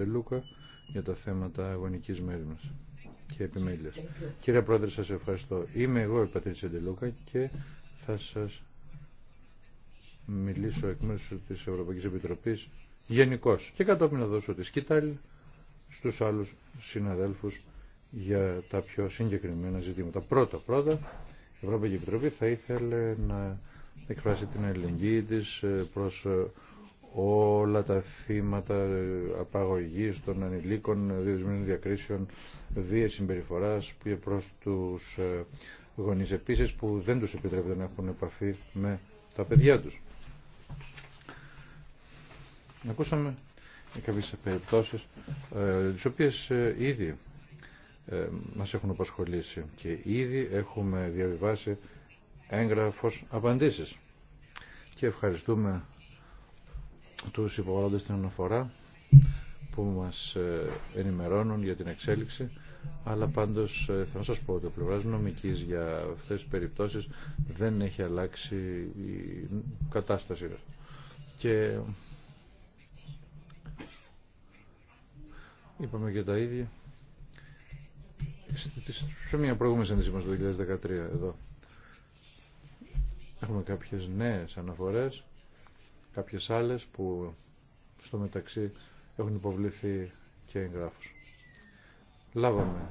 Ντελούκα για τα θέματα μέρη μα και επιμέλεια. Κύριε Πρόεδρε, σα ευχαριστώ. Είμαι εγώ η Πατρίτσια Ντελούκα και θα σα μιλήσω εκ μέρου τη Ευρωπαϊκή Επιτροπή γενικώ και κατόπιν να δώσω τη σκητάλη στου άλλου συναδέλφου για τα πιο συγκεκριμένα ζητήματα. Πρώτα, πρώτα, η Ευρωπαϊκή Επιτροπή θα ήθελε να εκφράσει την αλληλεγγύη της ε, προς ε, όλα τα θύματα απαγωγής των ανηλίκων, διεσμένων διακρίσεων, βίες συμπεριφοράς προς τους ε, γονείς επίσης που δεν τους επιτρέπεται να έχουν επαφή με τα παιδιά τους. Ακούσαμε κάποιες περιπτώσεις ε, τις οποίες ε, ήδη ε, μας έχουν απασχολήσει και ήδη έχουμε διαβιβάσει έγγραφος απαντήσεις. Και ευχαριστούμε τους υποβάλλοντες την αναφορά που μας ε, ενημερώνουν για την εξέλιξη αλλά πάντως ε, θα σας πω ότι ο πλευράς νομικής για αυτές τις περιπτώσεις δεν έχει αλλάξει η κατάσταση και είπαμε και τα ίδια σε μια προηγούμενη συνέντευξη μας το 2013 εδώ έχουμε κάποιες νέες αναφορές κάποιες άλλες που στο μεταξύ έχουν υποβληθεί και εγγράφους. Λάβαμε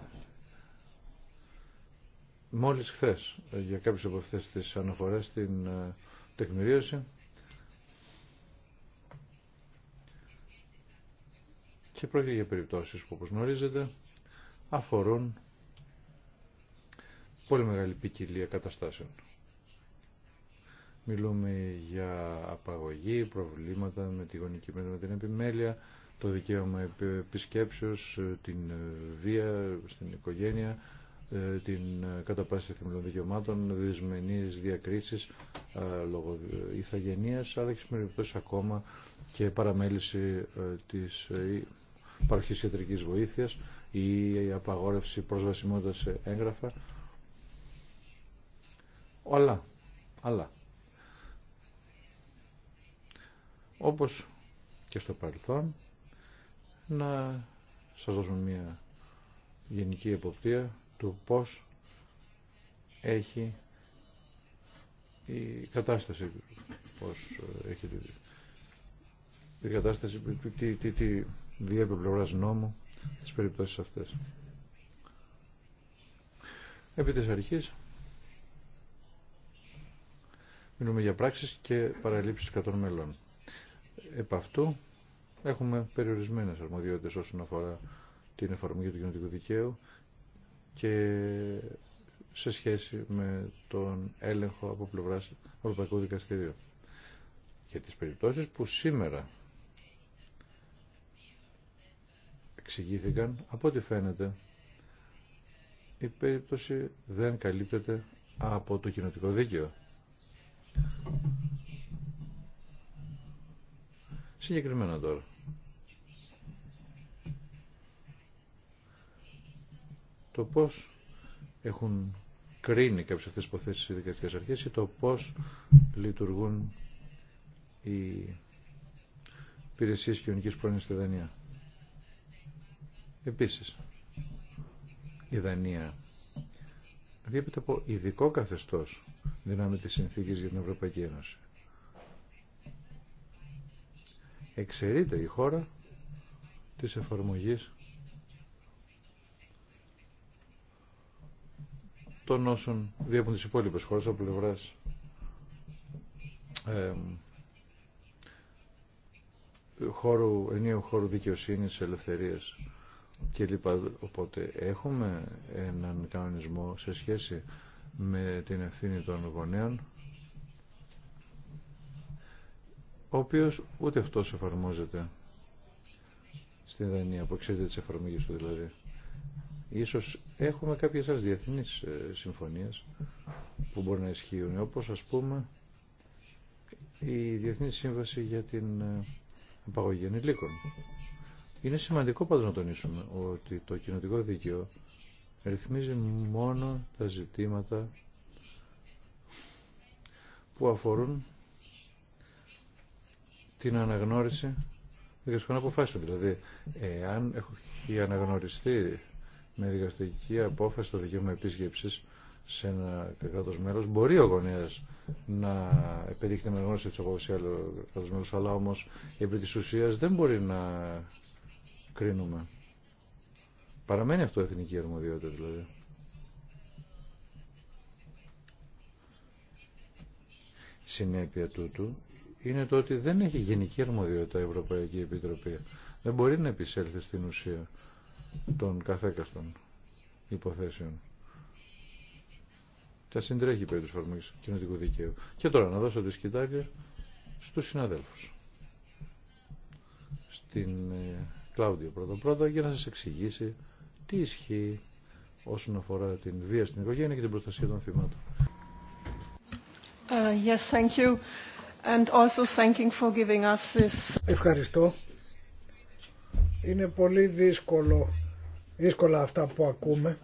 μόλις χθες ε, για κάποιες από αυτές τις αναφορές στην ε, τεκμηρίωση και πρόκειται για περιπτώσεις που όπως γνωρίζετε αφορούν πολύ μεγάλη ποικιλία καταστάσεων. Μιλούμε για απαγωγή, προβλήματα με τη γονική με την επιμέλεια, το δικαίωμα επισκέψεως, ε, την ε, βία στην οικογένεια, ε, την καταπάση θεμελών δικαιωμάτων, δυσμενείς διακρίσεις λόγω ηθαγενείας, αλλά και ακόμα και παραμέληση της παροχής ιατρικής βοήθειας ή η απαγόρευση προσβασιμότητας σε έγγραφα. Όλα, αλλά όπως και στο παρελθόν να σας δώσουμε μια γενική εποπτεία του πώς έχει η κατάσταση πώς έχει η κατάσταση τι, τι, τι διέπει πλευράς νόμου στις περιπτώσεις αυτές. Επί της αρχής μιλούμε για πράξεις και παραλήψεις κατών μελών επ' αυτού έχουμε περιορισμένες αρμοδιότητες όσον αφορά την εφαρμογή του κοινωτικού δικαίου και σε σχέση με τον έλεγχο από πλευράς Ευρωπαϊκού Δικαστηρίου. Για τις περιπτώσεις που σήμερα εξηγήθηκαν, από ό,τι φαίνεται, η περίπτωση δεν καλύπτεται από το κοινωτικό δίκαιο. Συγκεκριμένα τώρα. Το πώς έχουν κρίνει κάποιες αυτές τις υποθέσεις οι δικαστικές αρχές ή το πώς λειτουργούν οι υπηρεσίε κοινωνικής πρόνοιας στη Δανία. Επίσης, η Δανία διέπεται από ειδικό καθεστώς δυνάμει της συνθήκης για την Ευρωπαϊκή Ένωση. εξαιρείται η χώρα της εφαρμογής των όσων διέπουν τις υπόλοιπες χώρες από πλευράς ε, χώρου, ενίου χώρου δικαιοσύνης, ελευθερίας κλπ. Οπότε έχουμε έναν κανονισμό σε σχέση με την ευθύνη των γονέων ο οποίος ούτε αυτός εφαρμόζεται στην Δανία, που ξέρετε τις εφαρμογές του δηλαδή. Ίσως έχουμε κάποιες άλλες διεθνείς ε, συμφωνίες που μπορεί να ισχύουν, όπως ας πούμε η Διεθνή Σύμβαση για την ε, Απαγωγή Ενηλίκων. Είναι σημαντικό πάντως να τονίσουμε ότι το κοινοτικό δίκαιο ρυθμίζει μόνο τα ζητήματα που αφορούν την αναγνώριση δικαστικών αποφάσεων. Δηλαδή, εάν έχει αναγνωριστεί με δικαστική απόφαση το δικαίωμα επίσκεψη σε ένα κράτο μέλο, μπορεί ο γονέα να επιδείξει την αναγνώριση τη απόφαση σε άλλο κράτο αλλά όμω επί τη ουσία δεν μπορεί να κρίνουμε. Παραμένει αυτό εθνική αρμοδιότητα δηλαδή. Συνέπεια τούτου είναι το ότι δεν έχει γενική αρμοδιότητα η Ευρωπαϊκή Επιτροπή. Δεν μπορεί να επισέλθει στην ουσία των καθέκαστων υποθέσεων. Τα συντρέχει περί της φορμής κοινωτικού δικαίου. Και τώρα να δώσω τη σκητάλια στους συναδέλφους. Στην ε, Κλάουδια πρώτα-πρώτα για να σας εξηγήσει τι ισχύει όσον αφορά την βία στην οικογένεια και την προστασία των θυμάτων. Uh, yes, thank you. Ευχαριστώ. Είναι πολύ δύσκολο, δύσκολα αυτά που ακούμε.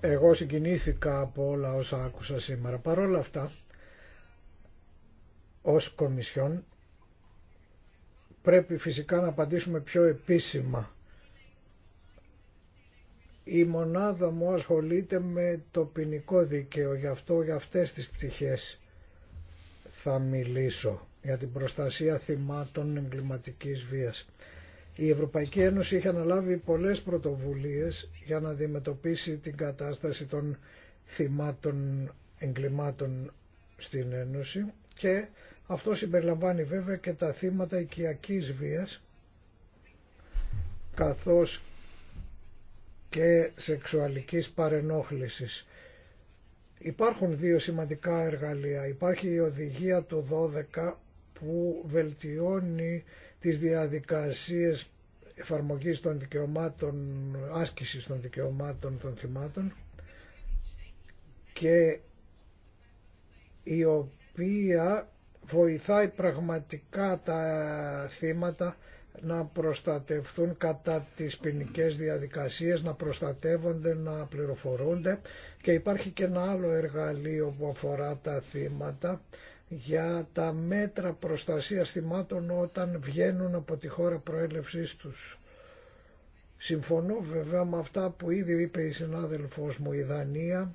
Εγώ συγκινήθηκα από όλα όσα άκουσα σήμερα. Παρόλα αυτά, ως Κομισιόν, πρέπει φυσικά να απαντήσουμε πιο επίσημα. Η μονάδα μου ασχολείται με το ποινικό δίκαιο, γι' αυτό, για αυτές τις πτυχές θα μιλήσω για την προστασία θυμάτων εγκληματικής βίας. Η Ευρωπαϊκή Ένωση είχε αναλάβει πολλές πρωτοβουλίες για να αντιμετωπίσει την κατάσταση των θυμάτων εγκλημάτων στην Ένωση και αυτό συμπεριλαμβάνει βέβαια και τα θύματα οικιακής βίας καθώς και σεξουαλικής παρενόχλησης Υπάρχουν δύο σημαντικά εργαλεία. Υπάρχει η οδηγία του 12 που βελτιώνει τις διαδικασίες εφαρμογής των δικαιωμάτων, άσκησης των δικαιωμάτων των θυμάτων και η οποία βοηθάει πραγματικά τα θύματα να προστατευθούν κατά τις ποινικέ διαδικασίες, να προστατεύονται, να πληροφορούνται και υπάρχει και ένα άλλο εργαλείο που αφορά τα θύματα για τα μέτρα προστασίας θυμάτων όταν βγαίνουν από τη χώρα προέλευσής τους. Συμφωνώ βέβαια με αυτά που ήδη είπε η συνάδελφός μου η Δανία,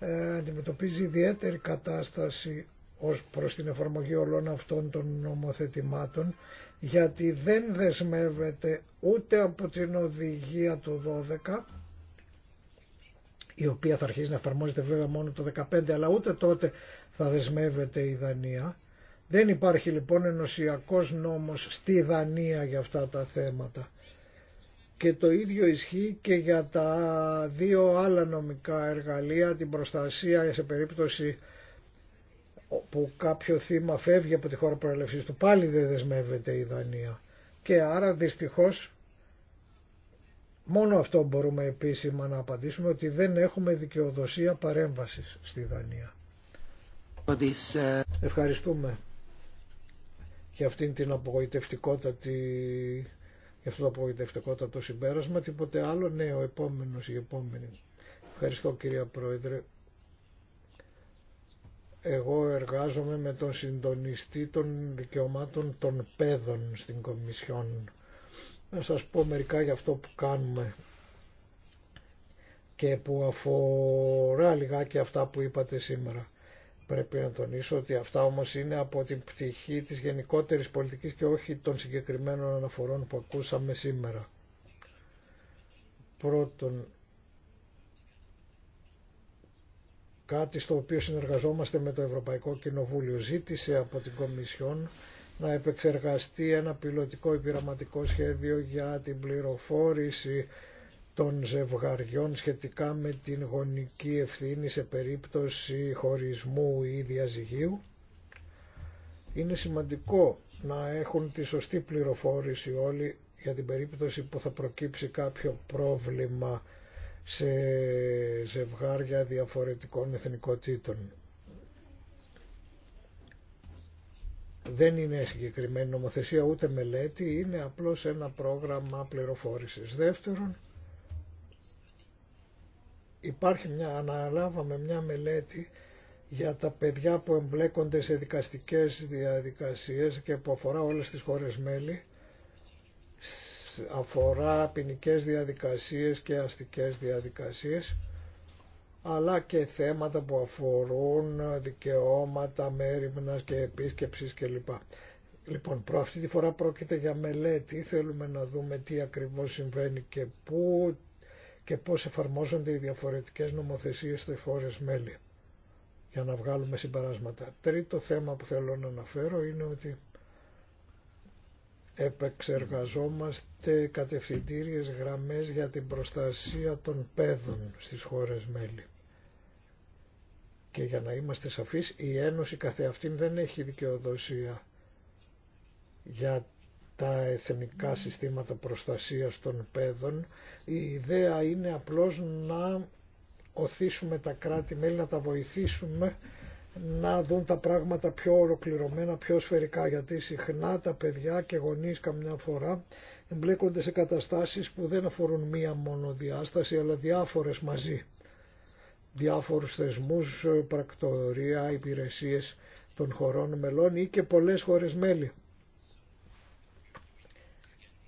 ε, αντιμετωπίζει ιδιαίτερη κατάσταση ως προς την εφαρμογή όλων αυτών των νομοθετημάτων γιατί δεν δεσμεύεται ούτε από την οδηγία του 12 η οποία θα αρχίσει να εφαρμόζεται βέβαια μόνο το 15 αλλά ούτε τότε θα δεσμεύεται η Δανία. Δεν υπάρχει λοιπόν ενωσιακός νόμος στη Δανία για αυτά τα θέματα. Και το ίδιο ισχύει και για τα δύο άλλα νομικά εργαλεία, την προστασία σε περίπτωση που κάποιο θύμα φεύγει από τη χώρα προέλευσης του πάλι δεν δεσμεύεται η Δανία και άρα δυστυχώς μόνο αυτό μπορούμε επίσημα να απαντήσουμε ότι δεν έχουμε δικαιοδοσία παρέμβασης στη Δανία. Ευχαριστούμε για αυτήν την απογοητευτικότατη για αυτό το απογοητευτικότατο συμπέρασμα τίποτε άλλο ναι ο επόμενος η επόμενη ευχαριστώ κυρία Πρόεδρε εγώ εργάζομαι με τον συντονιστή των δικαιωμάτων των παιδών στην Κομισιόν. Να σας πω μερικά για αυτό που κάνουμε και που αφορά λιγάκι αυτά που είπατε σήμερα. Πρέπει να τονίσω ότι αυτά όμως είναι από την πτυχή της γενικότερης πολιτικής και όχι των συγκεκριμένων αναφορών που ακούσαμε σήμερα. Πρώτον, κάτι στο οποίο συνεργαζόμαστε με το Ευρωπαϊκό Κοινοβούλιο. Ζήτησε από την Κομισιόν να επεξεργαστεί ένα πιλωτικό επιραματικό σχέδιο για την πληροφόρηση των ζευγαριών σχετικά με την γονική ευθύνη σε περίπτωση χωρισμού ή διαζυγίου. Είναι σημαντικό να έχουν τη σωστή πληροφόρηση όλοι για την περίπτωση που θα προκύψει κάποιο πρόβλημα σε ζευγάρια διαφορετικών εθνικότητων. Δεν είναι συγκεκριμένη νομοθεσία ούτε μελέτη, είναι απλώς ένα πρόγραμμα πληροφόρησης. Δεύτερον, υπάρχει μια, αναλάβαμε μια μελέτη για τα παιδιά που εμπλέκονται σε δικαστικές διαδικασίες και που αφορά όλες τις χώρες μέλη αφορά ποινικέ διαδικασίες και αστικές διαδικασίες αλλά και θέματα που αφορούν δικαιώματα μέρημνας και επίσκεψης κλπ. Λοιπόν, προ αυτή τη φορά πρόκειται για μελέτη. Θέλουμε να δούμε τι ακριβώς συμβαίνει και πού και πώς εφαρμόζονται οι διαφορετικές νομοθεσίες στις χώρες μέλη για να βγάλουμε συμπεράσματα. Τρίτο θέμα που θέλω να αναφέρω είναι ότι επεξεργαζόμαστε κατευθυντήριες γραμμές για την προστασία των παιδών στις χώρες μέλη. Και για να είμαστε σαφείς, η Ένωση καθεαυτήν δεν έχει δικαιοδοσία για τα εθνικά συστήματα προστασίας των παιδών. Η ιδέα είναι απλώς να οθήσουμε τα κράτη-μέλη, να τα βοηθήσουμε να δουν τα πράγματα πιο ολοκληρωμένα, πιο σφαιρικά, γιατί συχνά τα παιδιά και γονείς καμιά φορά εμπλέκονται σε καταστάσεις που δεν αφορούν μία μόνο διάσταση, αλλά διάφορες μαζί. Διάφορους θεσμούς, πρακτορία, υπηρεσίες των χωρών μελών ή και πολλές χώρες μέλη.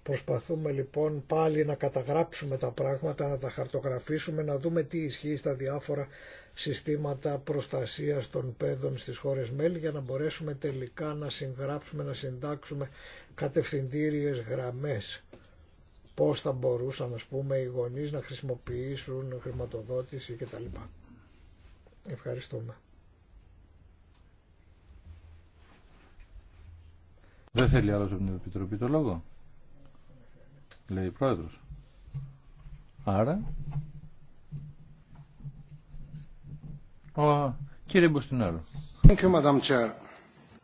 Προσπαθούμε λοιπόν πάλι να καταγράψουμε τα πράγματα, να τα χαρτογραφήσουμε, να δούμε τι ισχύει στα διάφορα συστήματα προστασίας των παιδών στις χώρες μέλη για να μπορέσουμε τελικά να συγγράψουμε, να συντάξουμε κατευθυντήριες γραμμές. Πώς θα μπορούσαν ας πούμε οι γονείς να χρησιμοποιήσουν χρηματοδότηση κτλ. Ευχαριστούμε. Δεν θέλει άλλος από την Επιτροπή το λόγο. Λέει η Πρόεδρος. Άρα Ο κύριε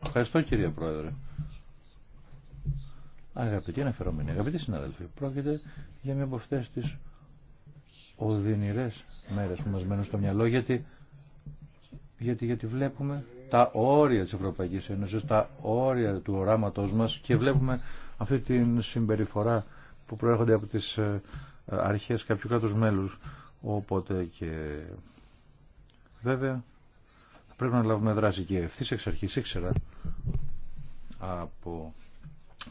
Ευχαριστώ κύριε Πρόεδρε. Αγαπητοί αναφερόμενοι, αγαπητοί συνάδελφοι, πρόκειται για μια από αυτέ τι οδυνηρέ μέρε που μα μένουν στο μυαλό γιατί, γιατί, γιατί βλέπουμε τα όρια τη Ευρωπαϊκή Ένωση, τα όρια του οράματό μα και βλέπουμε αυτή την συμπεριφορά που προέρχονται από τι ε, αρχέ κάποιου κράτου μέλου. Οπότε και Βέβαια, πρέπει να λάβουμε δράση και ευθύ εξ αρχή ήξερα από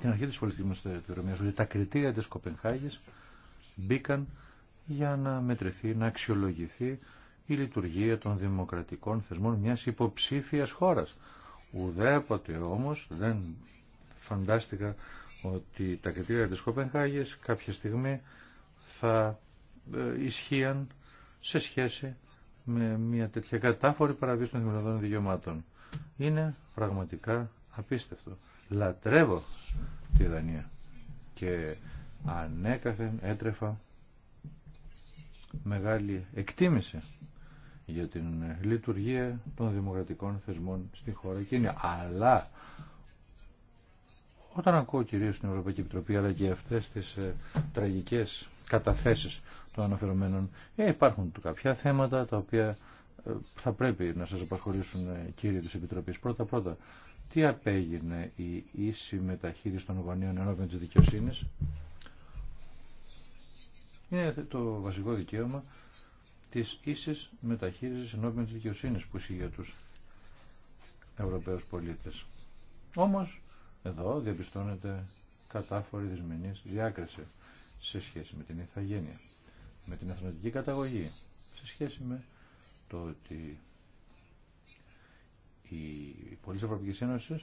την αρχή της πολιτική μου θεωρημίας ότι τα κριτήρια της Κοπενχάγη μπήκαν για να μετρηθεί, να αξιολογηθεί η λειτουργία των δημοκρατικών θεσμών μιας υποψήφιας χώρας. Ουδέποτε όμως δεν φαντάστηκα ότι τα κριτήρια της Κοπενχάγης κάποια στιγμή θα ε, ισχύαν σε σχέση με μια τέτοια κατάφορη παραβίαση των δημιουργικών δικαιωμάτων. Είναι πραγματικά απίστευτο. Λατρεύω τη Δανία και ανέκαθεν έτρεφα μεγάλη εκτίμηση για την λειτουργία των δημοκρατικών θεσμών στη χώρα εκείνη. Αλλά όταν ακούω κυρίω την Ευρωπαϊκή Επιτροπή αλλά και αυτέ τι ε, τραγικές καταθέσεις των αναφερομένων ε, υπάρχουν κάποια θέματα τα οποία ε, θα πρέπει να σας απασχολήσουν ε, κύριοι τη Επιτροπή. πρωτα Πρώτα-πρώτα, τι απέγινε η ίση μεταχείριση των γονείων ενώπιον τη δικαιοσύνης. Είναι το βασικό δικαίωμα τη ίση μεταχείριση ενώπιον τη δικαιοσύνης που ισχύει για του Ευρωπαίου πολίτες. Εδώ διαπιστώνεται κατάφορη δυσμενής διάκριση σε σχέση με την ηθαγένεια, με την εθνοτική καταγωγή, σε σχέση με το ότι οι πολίτες Ευρωπαϊκή Ένωση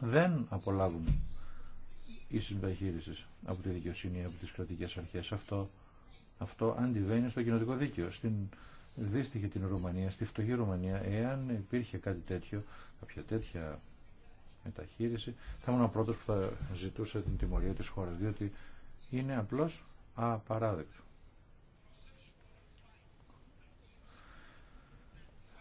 δεν απολάβουν η συμπαχείριση από τη δικαιοσύνη, από τις κρατικές αρχές. Αυτό, αυτό αντιβαίνει στο κοινοτικό δίκαιο. Στην δύστιχη την Ρουμανία, στη φτωχή Ρουμανία, εάν υπήρχε κάτι τέτοιο, κάποια τέτοια μεταχείριση, θα ήμουν ο πρώτος που θα ζητούσε την τιμωρία της χώρας, διότι είναι απλώς απαράδεκτο.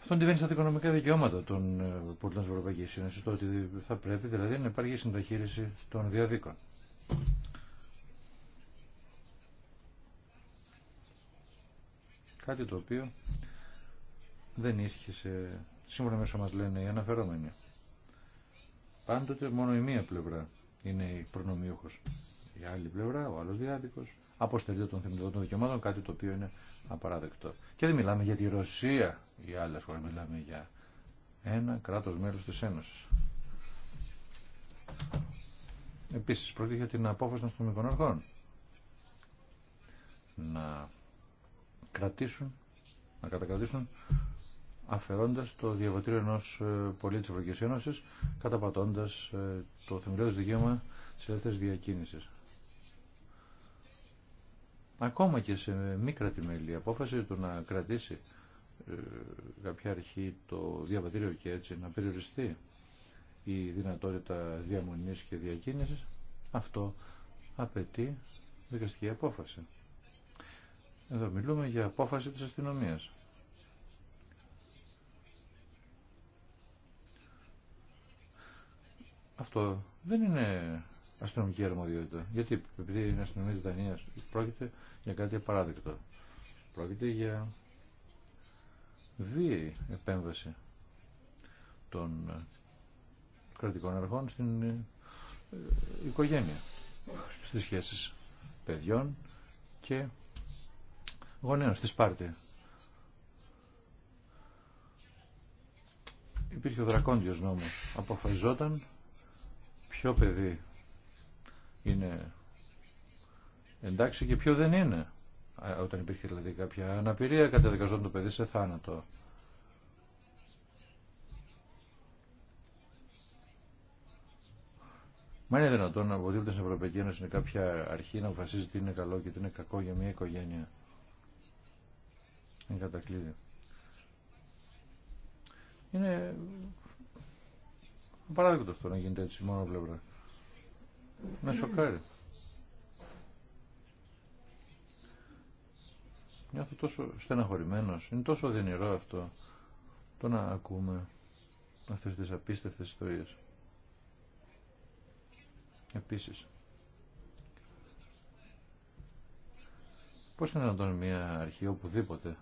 Αυτό αντιβαίνει στα οικονομικά δικαιώματα των ε, πολιτών της Ευρωπαϊκής Ένωσης, το ότι θα πρέπει δηλαδή να υπάρχει συνταχείριση των διαδίκων. Κάτι το οποίο δεν ίσχυσε, σύμφωνα με όσα μας λένε οι αναφερόμενοι. Πάντοτε μόνο η μία πλευρά είναι η προνομιούχος. Η άλλη πλευρά, ο άλλος διάδικος, αποστερείται των θεμελιωδών δικαιωμάτων, κάτι το οποίο είναι απαράδεκτο. Και δεν μιλάμε για τη Ρωσία ή άλλες χώρες, μιλάμε για ένα κράτος μέλος της Ένωσης. Επίσης, πρόκειται για την απόφαση των στομικών αρχών να κρατήσουν, να κατακρατήσουν αφαιρώντας το διαβατήριο ενός ε, πολίτη της Ευρωπαϊκής Ένωσης, καταπατώντας ε, το θεμελιώδες δικαίωμα της ελεύθερης διακίνησης. Ακόμα και σε μη κρατημένη απόφαση του να κρατήσει ε, κάποια αρχή το διαβατήριο και έτσι να περιοριστεί η δυνατότητα διαμονής και διακίνησης, αυτό απαιτεί δικαστική απόφαση. Εδώ μιλούμε για απόφαση της αστυνομίας. Αυτό δεν είναι αστυνομική αρμοδιότητα. Γιατί επειδή είναι αστυνομία τη πρόκειται για κάτι απαράδεκτο. Πρόκειται για βίαιη επέμβαση των ε, κρατικών αρχών στην ε, οικογένεια, στις σχέσεις παιδιών και γονέων, στη Σπάρτη. Υπήρχε ο δρακόντιος νόμος, αποφασιζόταν ποιο παιδί είναι εντάξει και ποιο δεν είναι. Όταν υπήρχε δηλαδή κάποια αναπηρία καταδικαζόταν το παιδί σε θάνατο. Μα είναι δυνατόν να αποδίδεται στην Ευρωπαϊκή Ένωση είναι κάποια αρχή να αποφασίζει τι είναι καλό και τι είναι κακό για μια οικογένεια. Είναι κατακλείδη. Είναι Παράδειγμα αυτό να γίνεται έτσι μόνο πλευρά. Με σοκάρει. Νιώθω τόσο στεναχωρημένος. Είναι τόσο δυνηρό αυτό το να ακούμε αυτές τις απίστευτες ιστορίες. Επίσης, πώς είναι να μια αρχή οπουδήποτε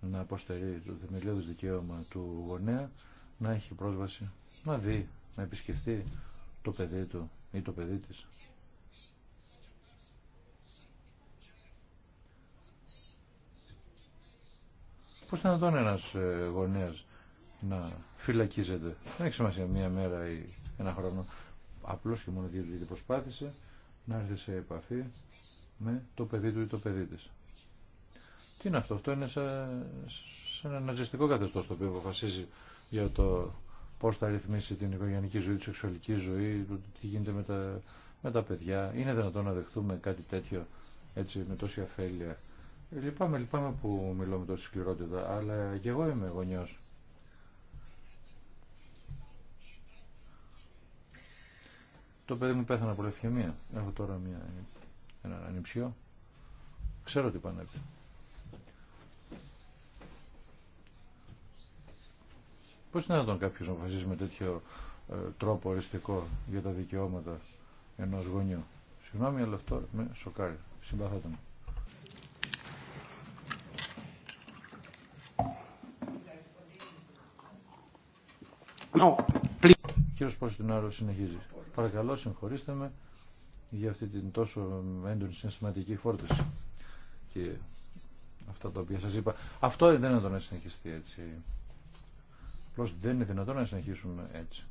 να αποστερεί το θεμελιώδης δικαίωμα του γονέα να έχει πρόσβαση, να δει, να επισκεφτεί το παιδί του ή το παιδί της. Πώς θα τον ένας ε, γονέας να φυλακίζεται. Δεν έχει σημασία μία μέρα ή ένα χρόνο. Απλώς και μόνο διότι προσπάθησε να έρθει σε επαφή με το παιδί του ή το παιδί της. Τι είναι αυτό, αυτό είναι σε ένα ναζιστικό καθεστώς το οποίο αποφασίζει για το πώς θα ρυθμίσει την οικογενική ζωή, τη σεξουαλική ζωή, το τι γίνεται με τα, με τα παιδιά. Είναι δυνατόν να δεχτούμε κάτι τέτοιο έτσι με τόση αφέλεια. Λυπάμαι, λυπάμαι που μιλώ με τόση σκληρότητα, αλλά και εγώ είμαι γονιός. Το παιδί μου πέθανε από λευκαιμία. Έχω τώρα μια, ένα ανιψιό. Ξέρω τι πάνε Πώ είναι δυνατόν κάποιος να αποφασίζει με τέτοιο ε, τρόπο οριστικό για τα δικαιώματα ενό γονιού. Συγγνώμη, αλλά αυτό με σοκάρει. Συμπαθάτε μου. Κύριος Ποστινάρο συνεχίζει. Παρακαλώ συγχωρήστε με για αυτή την τόσο έντονη συναισθηματική φόρτιση και αυτά τα οποία σας είπα. Αυτό δεν είναι το να συνεχιστεί έτσι. Απλώ δεν είναι δυνατόν να συνεχίσουν έτσι.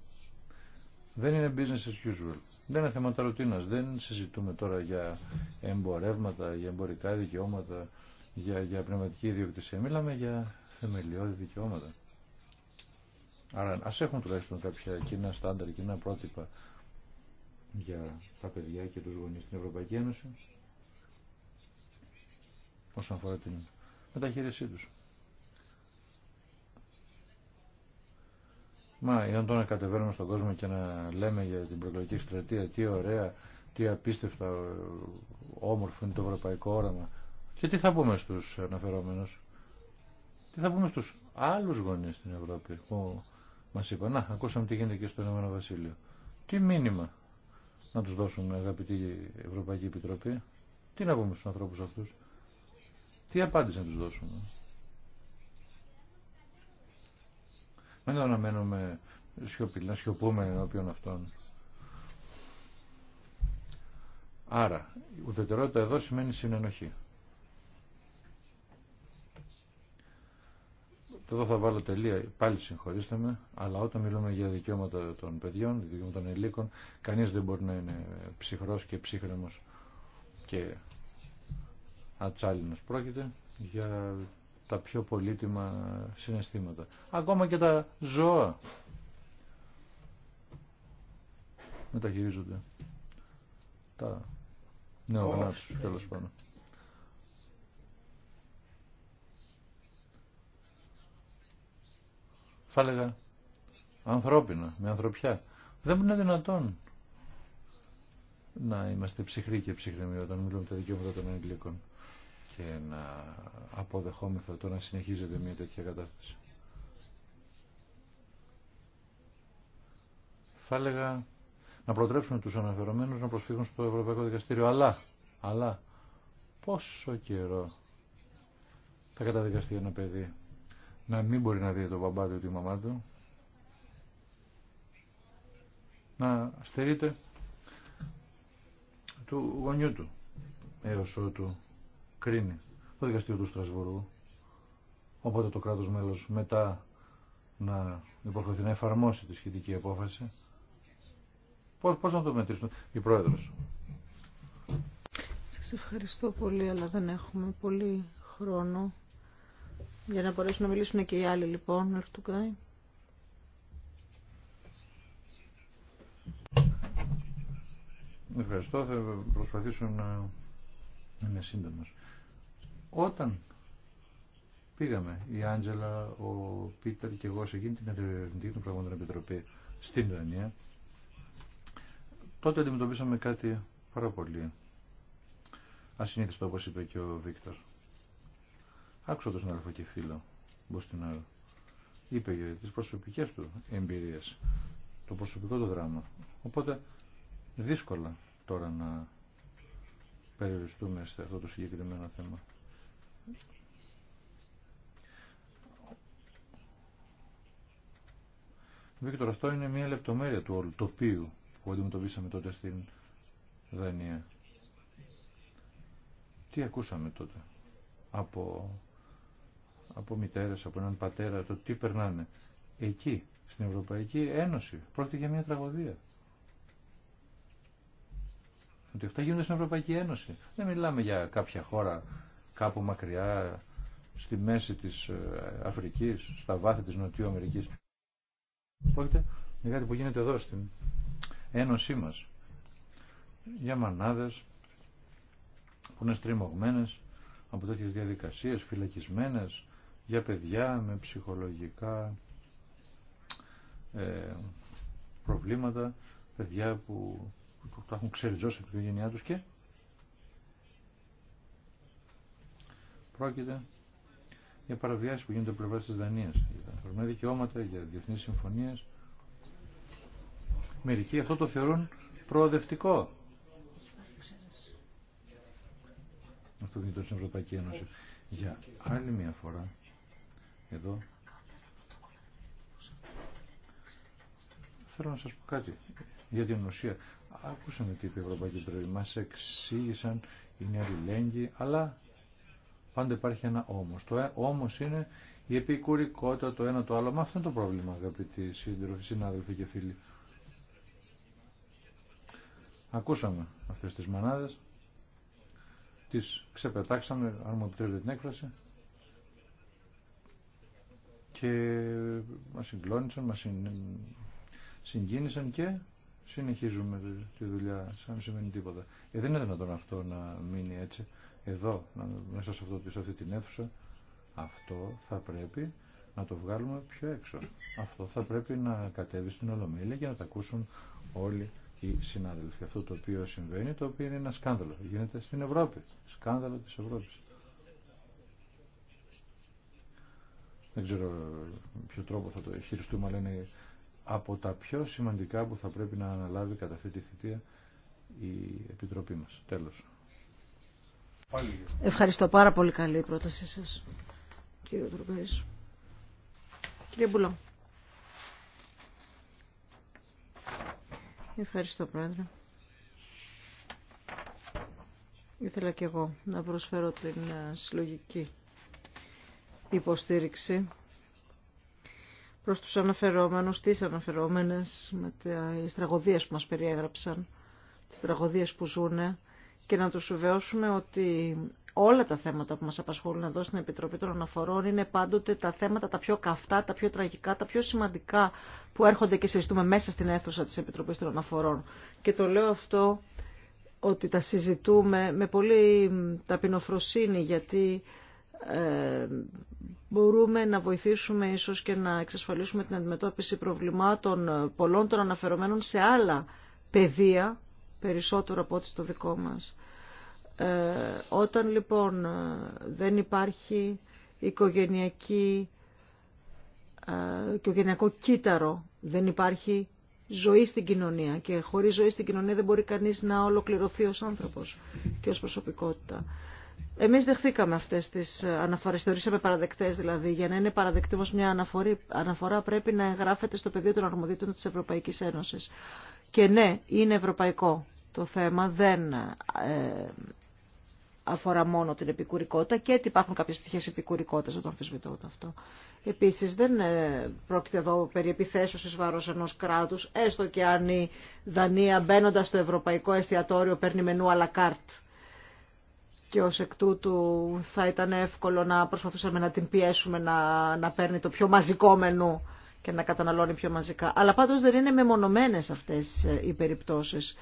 Δεν είναι business as usual. Δεν είναι θέματα ρουτίνα. Δεν συζητούμε τώρα για εμπορεύματα, για εμπορικά δικαιώματα, για, για πνευματική ιδιοκτησία. Μιλάμε για θεμελιώδη δικαιώματα. Άρα ας έχουν τουλάχιστον κάποια κοινά στάνταρ, κοινά πρότυπα για τα παιδιά και τους γονείς στην Ευρωπαϊκή Ένωση όσον αφορά την μεταχείρισή τους. Μα ή το να κατεβαίνουμε στον κόσμο και να λέμε για την προλογική εκστρατεία τι ωραία, τι απίστευτα όμορφο είναι το ευρωπαϊκό όραμα. Και τι θα πούμε στους αναφερόμενους, τι θα πούμε στους άλλους γονείς στην Ευρώπη που μας είπαν, να ακούσαμε τι γίνεται και στο Ηνωμένο Βασίλειο. Τι μήνυμα να τους δώσουμε αγαπητή Ευρωπαϊκή Επιτροπή, τι να πούμε στους ανθρώπους αυτούς, τι απάντηση να τους δώσουμε. μην αναμένουμε σιωπή, να σιωπούμε ενώπιον αυτών. Άρα, ουδετερότητα εδώ σημαίνει συνενοχή. Εδώ θα βάλω τελεία, πάλι συγχωρήστε με, αλλά όταν μιλούμε για δικαιώματα των παιδιών, δικαιώματα των ελίκων, κανείς δεν μπορεί να είναι ψυχρός και ψύχρεμος και ατσάλινος. Πρόκειται για τα πιο πολύτιμα συναισθήματα. Ακόμα και τα ζώα μεταχειρίζονται τα νεογνά oh, τέλος πάντων. Θα έλεγα ανθρώπινα, με ανθρωπιά. Δεν είναι δυνατόν να είμαστε ψυχροί και ψυχροί όταν μιλούμε τα δικαιώματα των Αγγλικών και να αποδεχόμεθα το να συνεχίζεται μια τέτοια κατάσταση. Θα έλεγα να προτρέψουμε τους αναφερομένους να προσφύγουν στο Ευρωπαϊκό Δικαστήριο. Αλλά, αλλά, πόσο καιρό θα καταδικαστεί ένα παιδί να μην μπορεί να δει το μπαμπά του ή τη μαμά του, να στερείται του γονιού του έως ότου κρίνει το δικαστήριο του Στρασβούργου. Οπότε το κράτος μέλος μετά να υποχρεωθεί να εφαρμόσει τη σχετική απόφαση. Πώς, πώς να το μετρήσουμε. Η Πρόεδρος. Σας ευχαριστώ πολύ, αλλά δεν έχουμε πολύ χρόνο για να μπορέσουν να μιλήσουν και οι άλλοι λοιπόν. Ερτουγκάι. Ευχαριστώ. Θα προσπαθήσω να είμαι σύντομος. Όταν πήγαμε, η Άντζελα, ο Πίτερ και εγώ σε εκείνη την ερευνητική του επιτροπή στην Δανία, τότε αντιμετωπίσαμε κάτι πάρα πολύ ασυνήθιστο, όπω είπε και ο Βίκτορ. Άκουσα τον συνάδελφο και φίλο Μποστινάρο. Είπε για τις προσωπικές του εμπειρίες, το προσωπικό του δράμα. Οπότε δύσκολα τώρα να περιοριστούμε σε αυτό το συγκεκριμένο θέμα. Βίκτορ, αυτό είναι μια λεπτομέρεια του όλου τοπίου που αντιμετωπίσαμε τότε στην Δανία. Τι ακούσαμε τότε από, από μητέρες, από έναν πατέρα, το τι περνάνε. Εκεί, στην Ευρωπαϊκή Ένωση, πρόκειται για μια τραγωδία. Ότι αυτά γίνονται στην Ευρωπαϊκή Ένωση. Δεν μιλάμε για κάποια χώρα κάπου μακριά στη μέση της ε, Αφρικής, στα βάθη της Νοτιού Αμερικής. Πρόκειται για κάτι που γίνεται εδώ στην ένωσή μας. Για μανάδες που είναι στριμωγμένες από τέτοιες διαδικασίες, φυλακισμένες, για παιδιά με ψυχολογικά ε, προβλήματα, παιδιά που, που τα έχουν ξεριζώσει από την οικογένειά τους και πρόκειται για παραβιάσει που γίνονται από πλευρά τη Δανία. για τα ανθρωπινά δικαιώματα, για διεθνεί συμφωνίε. Μερικοί αυτό το θεωρούν προοδευτικό. Αυτό γίνεται στην Ευρωπαϊκή Ένωση. Για άλλη μια φορά, εδώ, θέλω να σας πω κάτι για την ουσία. Άκουσαμε τι είπε η Ευρωπαϊκή Επιτροπή, μας εξήγησαν, είναι αλληλέγγυοι, αλλά Πάντα υπάρχει ένα όμως. Το ε, όμως είναι η επικουρικότητα το ένα το άλλο. Μα αυτό είναι το πρόβλημα αγαπητοί σύντροφοι, συνάδελφοι και φίλοι. Ακούσαμε αυτές τις μανάδες. Τις ξεπετάξαμε, αν μου επιτρέπετε την έκφραση. Και μα συγκλώνησαν, μας συγκίνησαν και συνεχίζουμε τη δουλειά σαν να σημαίνει τίποτα. Ε, δεν είναι δυνατόν αυτό να μείνει έτσι εδώ, μέσα σε, αυτό, σε αυτή την αίθουσα, αυτό θα πρέπει να το βγάλουμε πιο έξω. Αυτό θα πρέπει να κατέβει στην Ολομέλεια για να τα ακούσουν όλοι οι συνάδελφοι. Αυτό το οποίο συμβαίνει, το οποίο είναι ένα σκάνδαλο. Γίνεται στην Ευρώπη. Σκάνδαλο της Ευρώπης. Δεν ξέρω ποιο τρόπο θα το χειριστούμε, αλλά είναι από τα πιο σημαντικά που θα πρέπει να αναλάβει κατά αυτή τη θητεία η Επιτροπή μας. Τέλος. Ευχαριστώ πάρα πολύ καλή η πρότασή σας, κύριε Τουρκαής. Κύριε Μπουλό. Ευχαριστώ, Πρόεδρε. Ήθελα και εγώ να προσφέρω την ε, συλλογική υποστήριξη προς τους αναφερόμενους, τις αναφερόμενες, με τις τραγωδίες που μας περιέγραψαν, τις τραγωδίες που ζούνε και να τους βεβαιώσουμε ότι όλα τα θέματα που μας απασχολούν εδώ στην Επιτροπή των Αναφορών είναι πάντοτε τα θέματα τα πιο καυτά, τα πιο τραγικά, τα πιο σημαντικά που έρχονται και συζητούμε μέσα στην αίθουσα της Επιτροπής των Αναφορών. Και το λέω αυτό ότι τα συζητούμε με πολύ ταπεινοφροσύνη γιατί ε, μπορούμε να βοηθήσουμε ίσως και να εξασφαλίσουμε την αντιμετώπιση προβλημάτων πολλών των αναφερομένων σε άλλα πεδία περισσότερο από ό,τι στο δικό μας. Ε, όταν λοιπόν ε, δεν υπάρχει οικογενειακή, ε, οικογενειακό κύτταρο, δεν υπάρχει ζωή στην κοινωνία και χωρίς ζωή στην κοινωνία δεν μπορεί κανείς να ολοκληρωθεί ως άνθρωπος και ως προσωπικότητα. Εμείς δεχθήκαμε αυτές τις αναφορές, θεωρήσαμε παραδεκτές δηλαδή. Για να είναι παραδεκτή μια αναφορή, αναφορά πρέπει να εγγράφεται στο πεδίο των αρμοδίτων της Ευρωπαϊκής Ένωσης. Και ναι, είναι ευρωπαϊκό το θέμα, δεν ε, αφορά μόνο την επικουρικότητα και ότι υπάρχουν κάποιες πτυχές επικουρικότητας, το αμφισβητώ αυτό. Επίσης δεν ε, πρόκειται εδώ περί επιθέσεως εις βάρος ενός κράτους, έστω και αν η Δανία μπαίνοντα στο ευρωπαϊκό εστιατόριο παίρνει μενού à la carte και ως εκ τούτου θα ήταν εύκολο να προσπαθούσαμε να την πιέσουμε να, να παίρνει το πιο μαζικό μενού και να καταναλώνει πιο μαζικά. Αλλά πάντως δεν είναι μεμονωμένες αυτές ε, οι περιπτώσεις.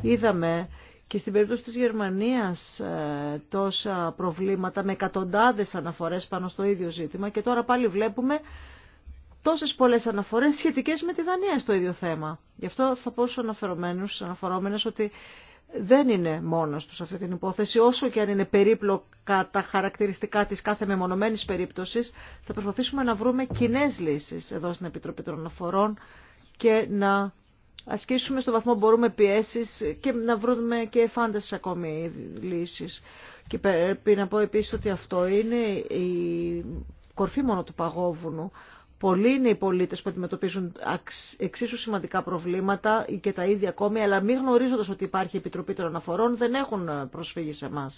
Είδαμε και στην περίπτωση της Γερμανίας ε, τόσα προβλήματα με εκατοντάδες αναφορές πάνω στο ίδιο ζήτημα και τώρα πάλι βλέπουμε τόσες πολλές αναφορές σχετικές με τη Δανία στο ίδιο θέμα. Γι' αυτό θα πω στους αναφερόμενους, ότι δεν είναι μόνος του αυτή την υπόθεση, όσο και αν είναι περίπλοκα τα χαρακτηριστικά της κάθε μεμονωμένης περίπτωσης, θα προσπαθήσουμε να βρούμε κοινέ λύσεις εδώ στην Επιτροπή των Αναφορών και να ασκήσουμε στο βαθμό που μπορούμε πιέσεις και να βρούμε και εφάνταστες ακόμη λύσεις. Και πρέπει να πω επίσης ότι αυτό είναι η κορφή μόνο του παγόβουνου. Πολλοί είναι οι πολίτε που αντιμετωπίζουν εξίσου σημαντικά προβλήματα και τα ίδια ακόμη, αλλά μη γνωρίζοντα ότι υπάρχει Επιτροπή των Αναφορών, δεν έχουν ε, προσφύγει σε εμά.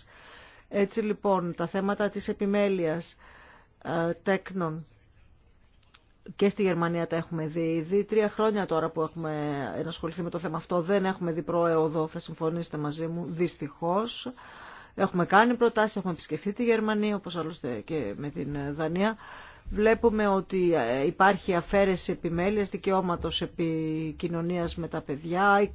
Έτσι λοιπόν, τα θέματα τη επιμέλεια ε, τέκνων και στη Γερμανία τα έχουμε δει ήδη. Τρία χρόνια τώρα που έχουμε ενασχοληθεί με το θέμα αυτό δεν έχουμε δει προέοδο, θα συμφωνήσετε μαζί μου, Δυστυχώ, Έχουμε κάνει προτάσει, έχουμε επισκεφθεί τη Γερμανία, όπω άλλωστε και με την ε, Δανία. Βλέπουμε ότι ε, υπάρχει αφαίρεση επιμέλειας δικαιώματος επικοινωνίας με τα παιδιά,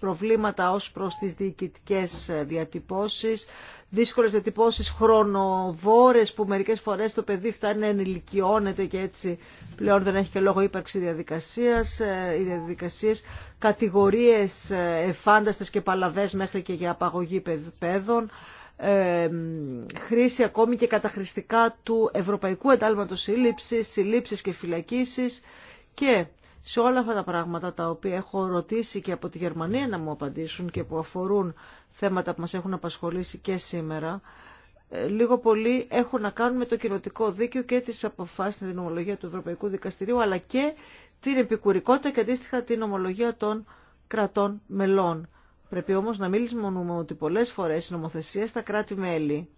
προβλήματα ως προς τις διοικητικές ε, διατυπώσεις, δύσκολες διατυπώσεις χρονοβόρες που μερικές φορές το παιδί φτάνει να ενηλικιώνεται και έτσι πλέον δεν έχει και λόγο ύπαρξη διαδικασίας, ε, οι διαδικασίες, κατηγορίες εφάνταστες και παλαβές μέχρι και για απαγωγή παιδών χρήση ακόμη και καταχρηστικά του Ευρωπαϊκού Εντάλματος Σύλληψης, Συλλήψης και Φυλακίσεις και σε όλα αυτά τα πράγματα τα οποία έχω ρωτήσει και από τη Γερμανία να μου απαντήσουν και που αφορούν θέματα που μας έχουν απασχολήσει και σήμερα, ε, λίγο πολύ έχουν να κάνουν με το κοινοτικό δίκαιο και τις αποφάσεις στην ομολογία του Ευρωπαϊκού Δικαστηρίου, αλλά και την επικουρικότητα και αντίστοιχα την ομολογία των κρατών μελών. Πρέπει όμως να μην λησμονούμε ότι πολλές φορές η νομοθεσία στα κράτη-μέλη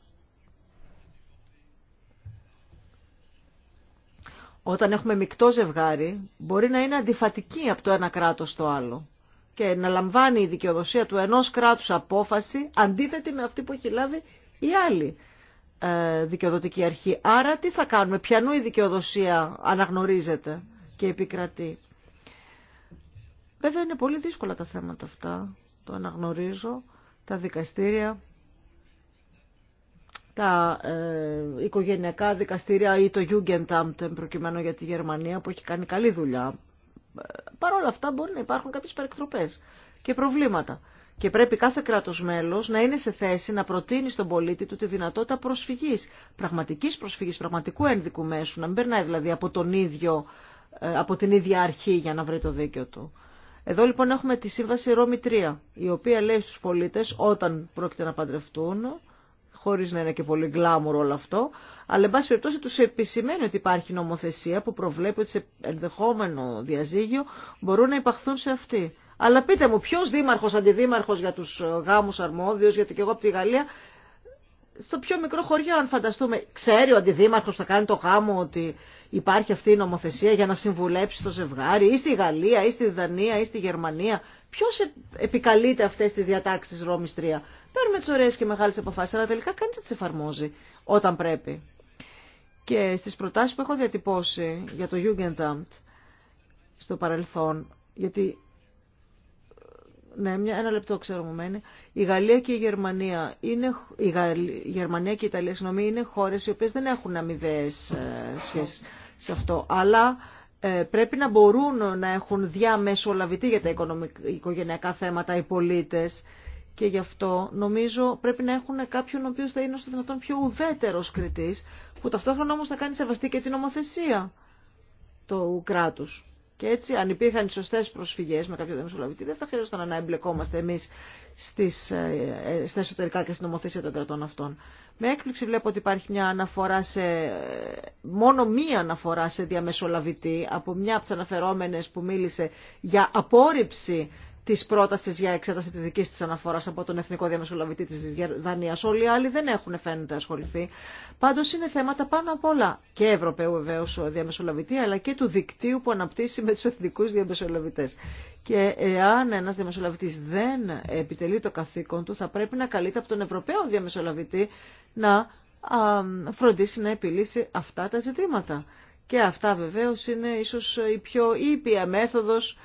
όταν έχουμε μεικτό ζευγάρι μπορεί να είναι αντιφατική από το ένα κράτος στο άλλο και να λαμβάνει η δικαιοδοσία του ενός κράτους απόφαση αντίθετη με αυτή που έχει λάβει η άλλη ε, δικαιοδοτική αρχή. Άρα τι θα κάνουμε, ποιανού η δικαιοδοσία αναγνωρίζεται και επικρατεί. Βέβαια είναι πολύ δύσκολα τα θέματα αυτά το αναγνωρίζω, τα δικαστήρια, τα ε, οικογενειακά δικαστήρια ή το Jugendamt προκειμένου για τη Γερμανία που έχει κάνει καλή δουλειά. Ε, παρ' όλα αυτά μπορεί να υπάρχουν κάποιες παρεκτροπές και προβλήματα. Και πρέπει κάθε κράτος μέλος να είναι σε θέση να προτείνει στον πολίτη του τη δυνατότητα προσφυγής, πραγματικής προσφυγής, πραγματικού ένδικου μέσου, να μην περνάει δηλαδή από, τον ίδιο, ε, από την ίδια αρχή για να βρει το δίκαιο του. Εδώ λοιπόν έχουμε τη Σύμβαση Ρώμη 3, η οποία λέει στους πολίτες όταν πρόκειται να παντρευτούν, χωρίς να είναι και πολύ γκλάμουρο όλο αυτό, αλλά εν πάση περιπτώσει τους επισημαίνει ότι υπάρχει νομοθεσία που προβλέπει ότι σε ενδεχόμενο διαζύγιο μπορούν να υπαχθούν σε αυτή. Αλλά πείτε μου, ποιο δήμαρχο, αντιδήμαρχο για του γάμου αρμόδιου, γιατί και εγώ από τη Γαλλία στο πιο μικρό χωριό, αν φανταστούμε, ξέρει ο αντιδήμαρχος θα κάνει το γάμο ότι υπάρχει αυτή η νομοθεσία για να συμβουλέψει το ζευγάρι ή στη Γαλλία ή στη Δανία ή στη Γερμανία. Ποιος επικαλείται αυτές τις διατάξεις της 3. Παίρνουμε τις ωραίες και μεγάλες αποφάσεις, αλλά τελικά κανείς δεν τις εφαρμόζει όταν πρέπει. Και στις προτάσεις που έχω διατυπώσει για το Jugendamt στο παρελθόν, γιατί ναι, μια, ένα λεπτό ξέρω μου μένει. Η Γαλλία και η Γερμανία, είναι, η, η Γερμανία και η Ιταλία είναι χώρες οι οποίες δεν έχουν αμοιβαίες ε, σχέσεις σε αυτό. Αλλά ε, πρέπει να μπορούν να έχουν διαμεσολαβητή για τα οικογενειακά θέματα οι πολίτες. Και γι' αυτό νομίζω πρέπει να έχουν κάποιον ο οποίος θα είναι στο δυνατόν πιο ουδέτερος κριτής, που ταυτόχρονα όμως θα κάνει σεβαστή και την ομοθεσία του κράτους. Και έτσι, αν υπήρχαν σωστέ προσφυγέ με κάποιο δημοσιολαβητή, δεν θα χρειαζόταν να εμπλεκόμαστε εμεί ε, ε, στα εσωτερικά και στην νομοθεσία των κρατών αυτών. Με έκπληξη βλέπω ότι υπάρχει μια αναφορά σε. μόνο μία αναφορά σε διαμεσολαβητή από μια από τι αναφερόμενε που μίλησε για απόρριψη τη πρόταση για εξέταση τη δική τη αναφορά από τον Εθνικό Διαμεσολαβητή τη Δανία. Όλοι οι άλλοι δεν έχουν φαίνεται ασχοληθεί. Πάντω είναι θέματα πάνω απ' όλα και Ευρωπαίου βεβαίω διαμεσολαβητή, αλλά και του δικτύου που αναπτύσσει με του εθνικού διαμεσολαβητέ. Και εάν ένα διαμεσολαβητή δεν επιτελεί το καθήκον του, θα πρέπει να καλείται από τον Ευρωπαίο διαμεσολαβητή να φροντίσει να επιλύσει αυτά τα ζητήματα. Και αυτά βεβαίως είναι ίσως η πιο ήπια μέθοδος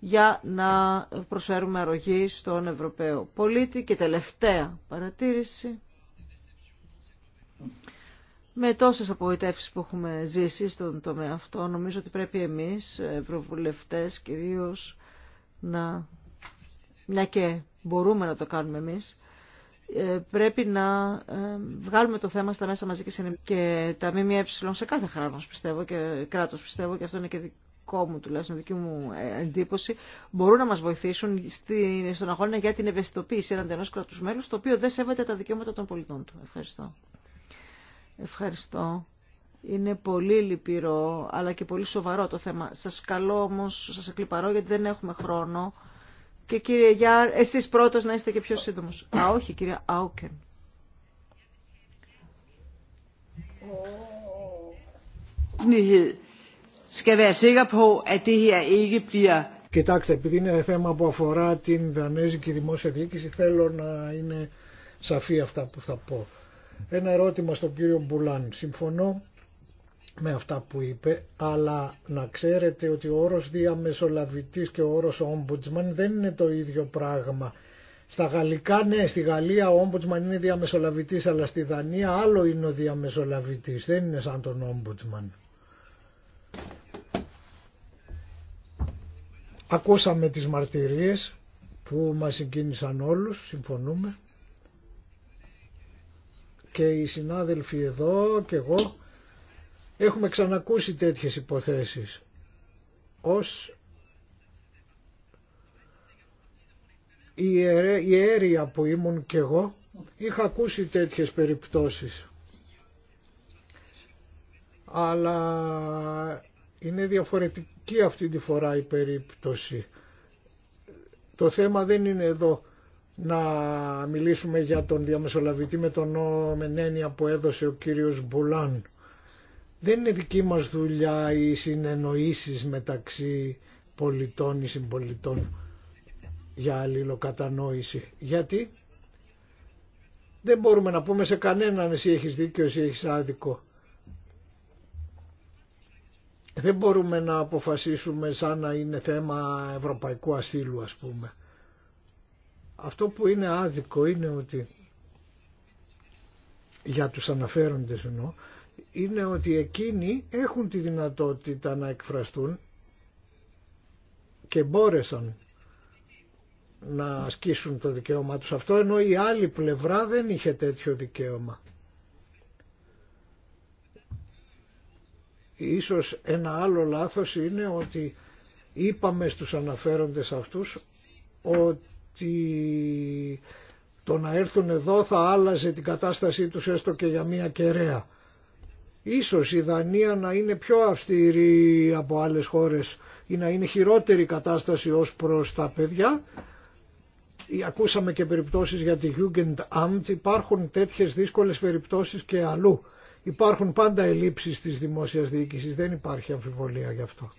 για να προσφέρουμε αρρωγή στον Ευρωπαίο πολίτη. Και τελευταία παρατήρηση. Με τόσες απογοητεύσεις που έχουμε ζήσει στον τομέα αυτό, νομίζω ότι πρέπει εμείς, ευρωβουλευτές κυρίως, να, μια και μπορούμε να το κάνουμε εμείς, ε, πρέπει να ε, βγάλουμε το θέμα στα μέσα μαζικής και τα ΜΜΕ σε κάθε χρόνο, πιστεύω, και κράτος πιστεύω, και αυτό είναι και δικό μου τουλάχιστον δική μου ε, εντύπωση μπορούν να μας βοηθήσουν στον αγώνα για την ευαισθητοποίηση έναν ενό κρατου μέλου, το οποίο δεν σέβεται τα δικαιώματα των πολιτών του. Ευχαριστώ. Ευχαριστώ. Είναι πολύ λυπηρό αλλά και πολύ σοβαρό το θέμα. Σας καλώ όμω, σας εκλυπαρώ γιατί δεν έχουμε χρόνο. Και κύριε Γιάρ, εσεί πρώτο να είστε και πιο σύντομο. Α, όχι κυρία Άουκεν. Κοιτάξτε, επειδή είναι θέμα που αφορά την Δανέζικη Δημόσια Διοίκηση, θέλω να είναι σαφή αυτά που θα πω. Ένα ερώτημα στον κύριο Μπουλάν. Συμφωνώ με αυτά που είπε, αλλά να ξέρετε ότι ο όρος διαμεσολαβητής και ο όρος ombudsman δεν είναι το ίδιο πράγμα. Στα γαλλικά, ναι, στη Γαλλία ο ombudsman είναι διαμεσολαβητής, αλλά στη Δανία άλλο είναι ο διαμεσολαβητής, δεν είναι σαν τον ombudsman. Ακούσαμε τις μαρτυρίες που μας συγκίνησαν όλους, συμφωνούμε. Και οι συνάδελφοι εδώ και εγώ έχουμε ξανακούσει τέτοιες υποθέσεις. Ως η αίρια που ήμουν και εγώ είχα ακούσει τέτοιες περιπτώσεις αλλά είναι διαφορετική αυτή τη φορά η περίπτωση. Το θέμα δεν είναι εδώ να μιλήσουμε για τον διαμεσολαβητή με τον νόμο που έδωσε ο κύριος Μπουλάν. Δεν είναι δική μας δουλειά οι συνεννοήσεις μεταξύ πολιτών ή συμπολιτών για αλληλοκατανόηση. Γιατί δεν μπορούμε να πούμε σε κανέναν εσύ έχεις δίκιο, εσύ έχεις άδικο δεν μπορούμε να αποφασίσουμε σαν να είναι θέμα ευρωπαϊκού ασύλου ας πούμε. Αυτό που είναι άδικο είναι ότι για τους αναφέροντες εννοώ, είναι ότι εκείνοι έχουν τη δυνατότητα να εκφραστούν και μπόρεσαν να ασκήσουν το δικαίωμά τους αυτό, ενώ η άλλη πλευρά δεν είχε τέτοιο δικαίωμα. Ίσως ένα άλλο λάθος είναι ότι είπαμε στους αναφέροντες αυτούς ότι το να έρθουν εδώ θα άλλαζε την κατάστασή τους έστω και για μία κεραία. Ίσως η Δανία να είναι πιο αυστηρή από άλλες χώρες ή να είναι χειρότερη κατάσταση ως προς τα παιδιά. Ακούσαμε και περιπτώσεις για τη Jugendamt. Υπάρχουν τέτοιες δύσκολες περιπτώσεις και αλλού. Υπάρχουν πάντα ελλείψεις της δημόσιας διοίκησης, δεν υπάρχει αμφιβολία γι' αυτό.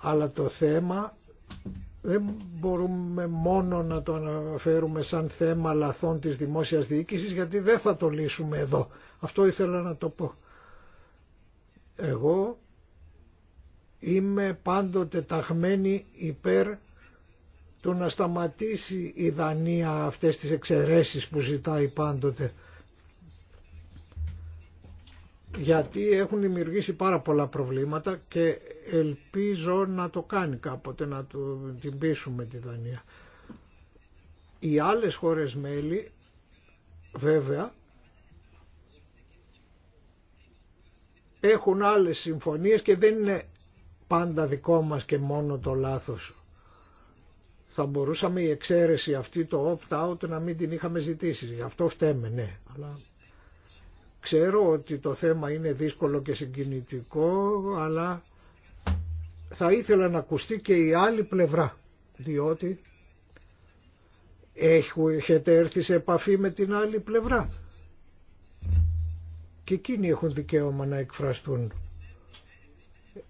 Αλλά το θέμα δεν μπορούμε μόνο να το αναφέρουμε σαν θέμα λαθών της δημόσιας διοίκησης γιατί δεν θα το λύσουμε εδώ. Αυτό ήθελα να το πω. Εγώ είμαι πάντοτε ταχμένη υπέρ του να σταματήσει η δανεία αυτές τις εξαιρέσεις που ζητάει πάντοτε γιατί έχουν δημιουργήσει πάρα πολλά προβλήματα και ελπίζω να το κάνει κάποτε, να το, την πείσουμε τη Δανία. Οι άλλες χώρες μέλη βέβαια έχουν άλλες συμφωνίες και δεν είναι πάντα δικό μας και μόνο το λάθος. Θα μπορούσαμε η εξαίρεση αυτή το opt-out να μην την είχαμε ζητήσει. Γι' αυτό φταίμε, ναι. Αλλά Ξέρω ότι το θέμα είναι δύσκολο και συγκινητικό, αλλά θα ήθελα να ακουστεί και η άλλη πλευρά, διότι έχετε έρθει σε επαφή με την άλλη πλευρά. Και εκείνοι έχουν δικαίωμα να εκφραστούν.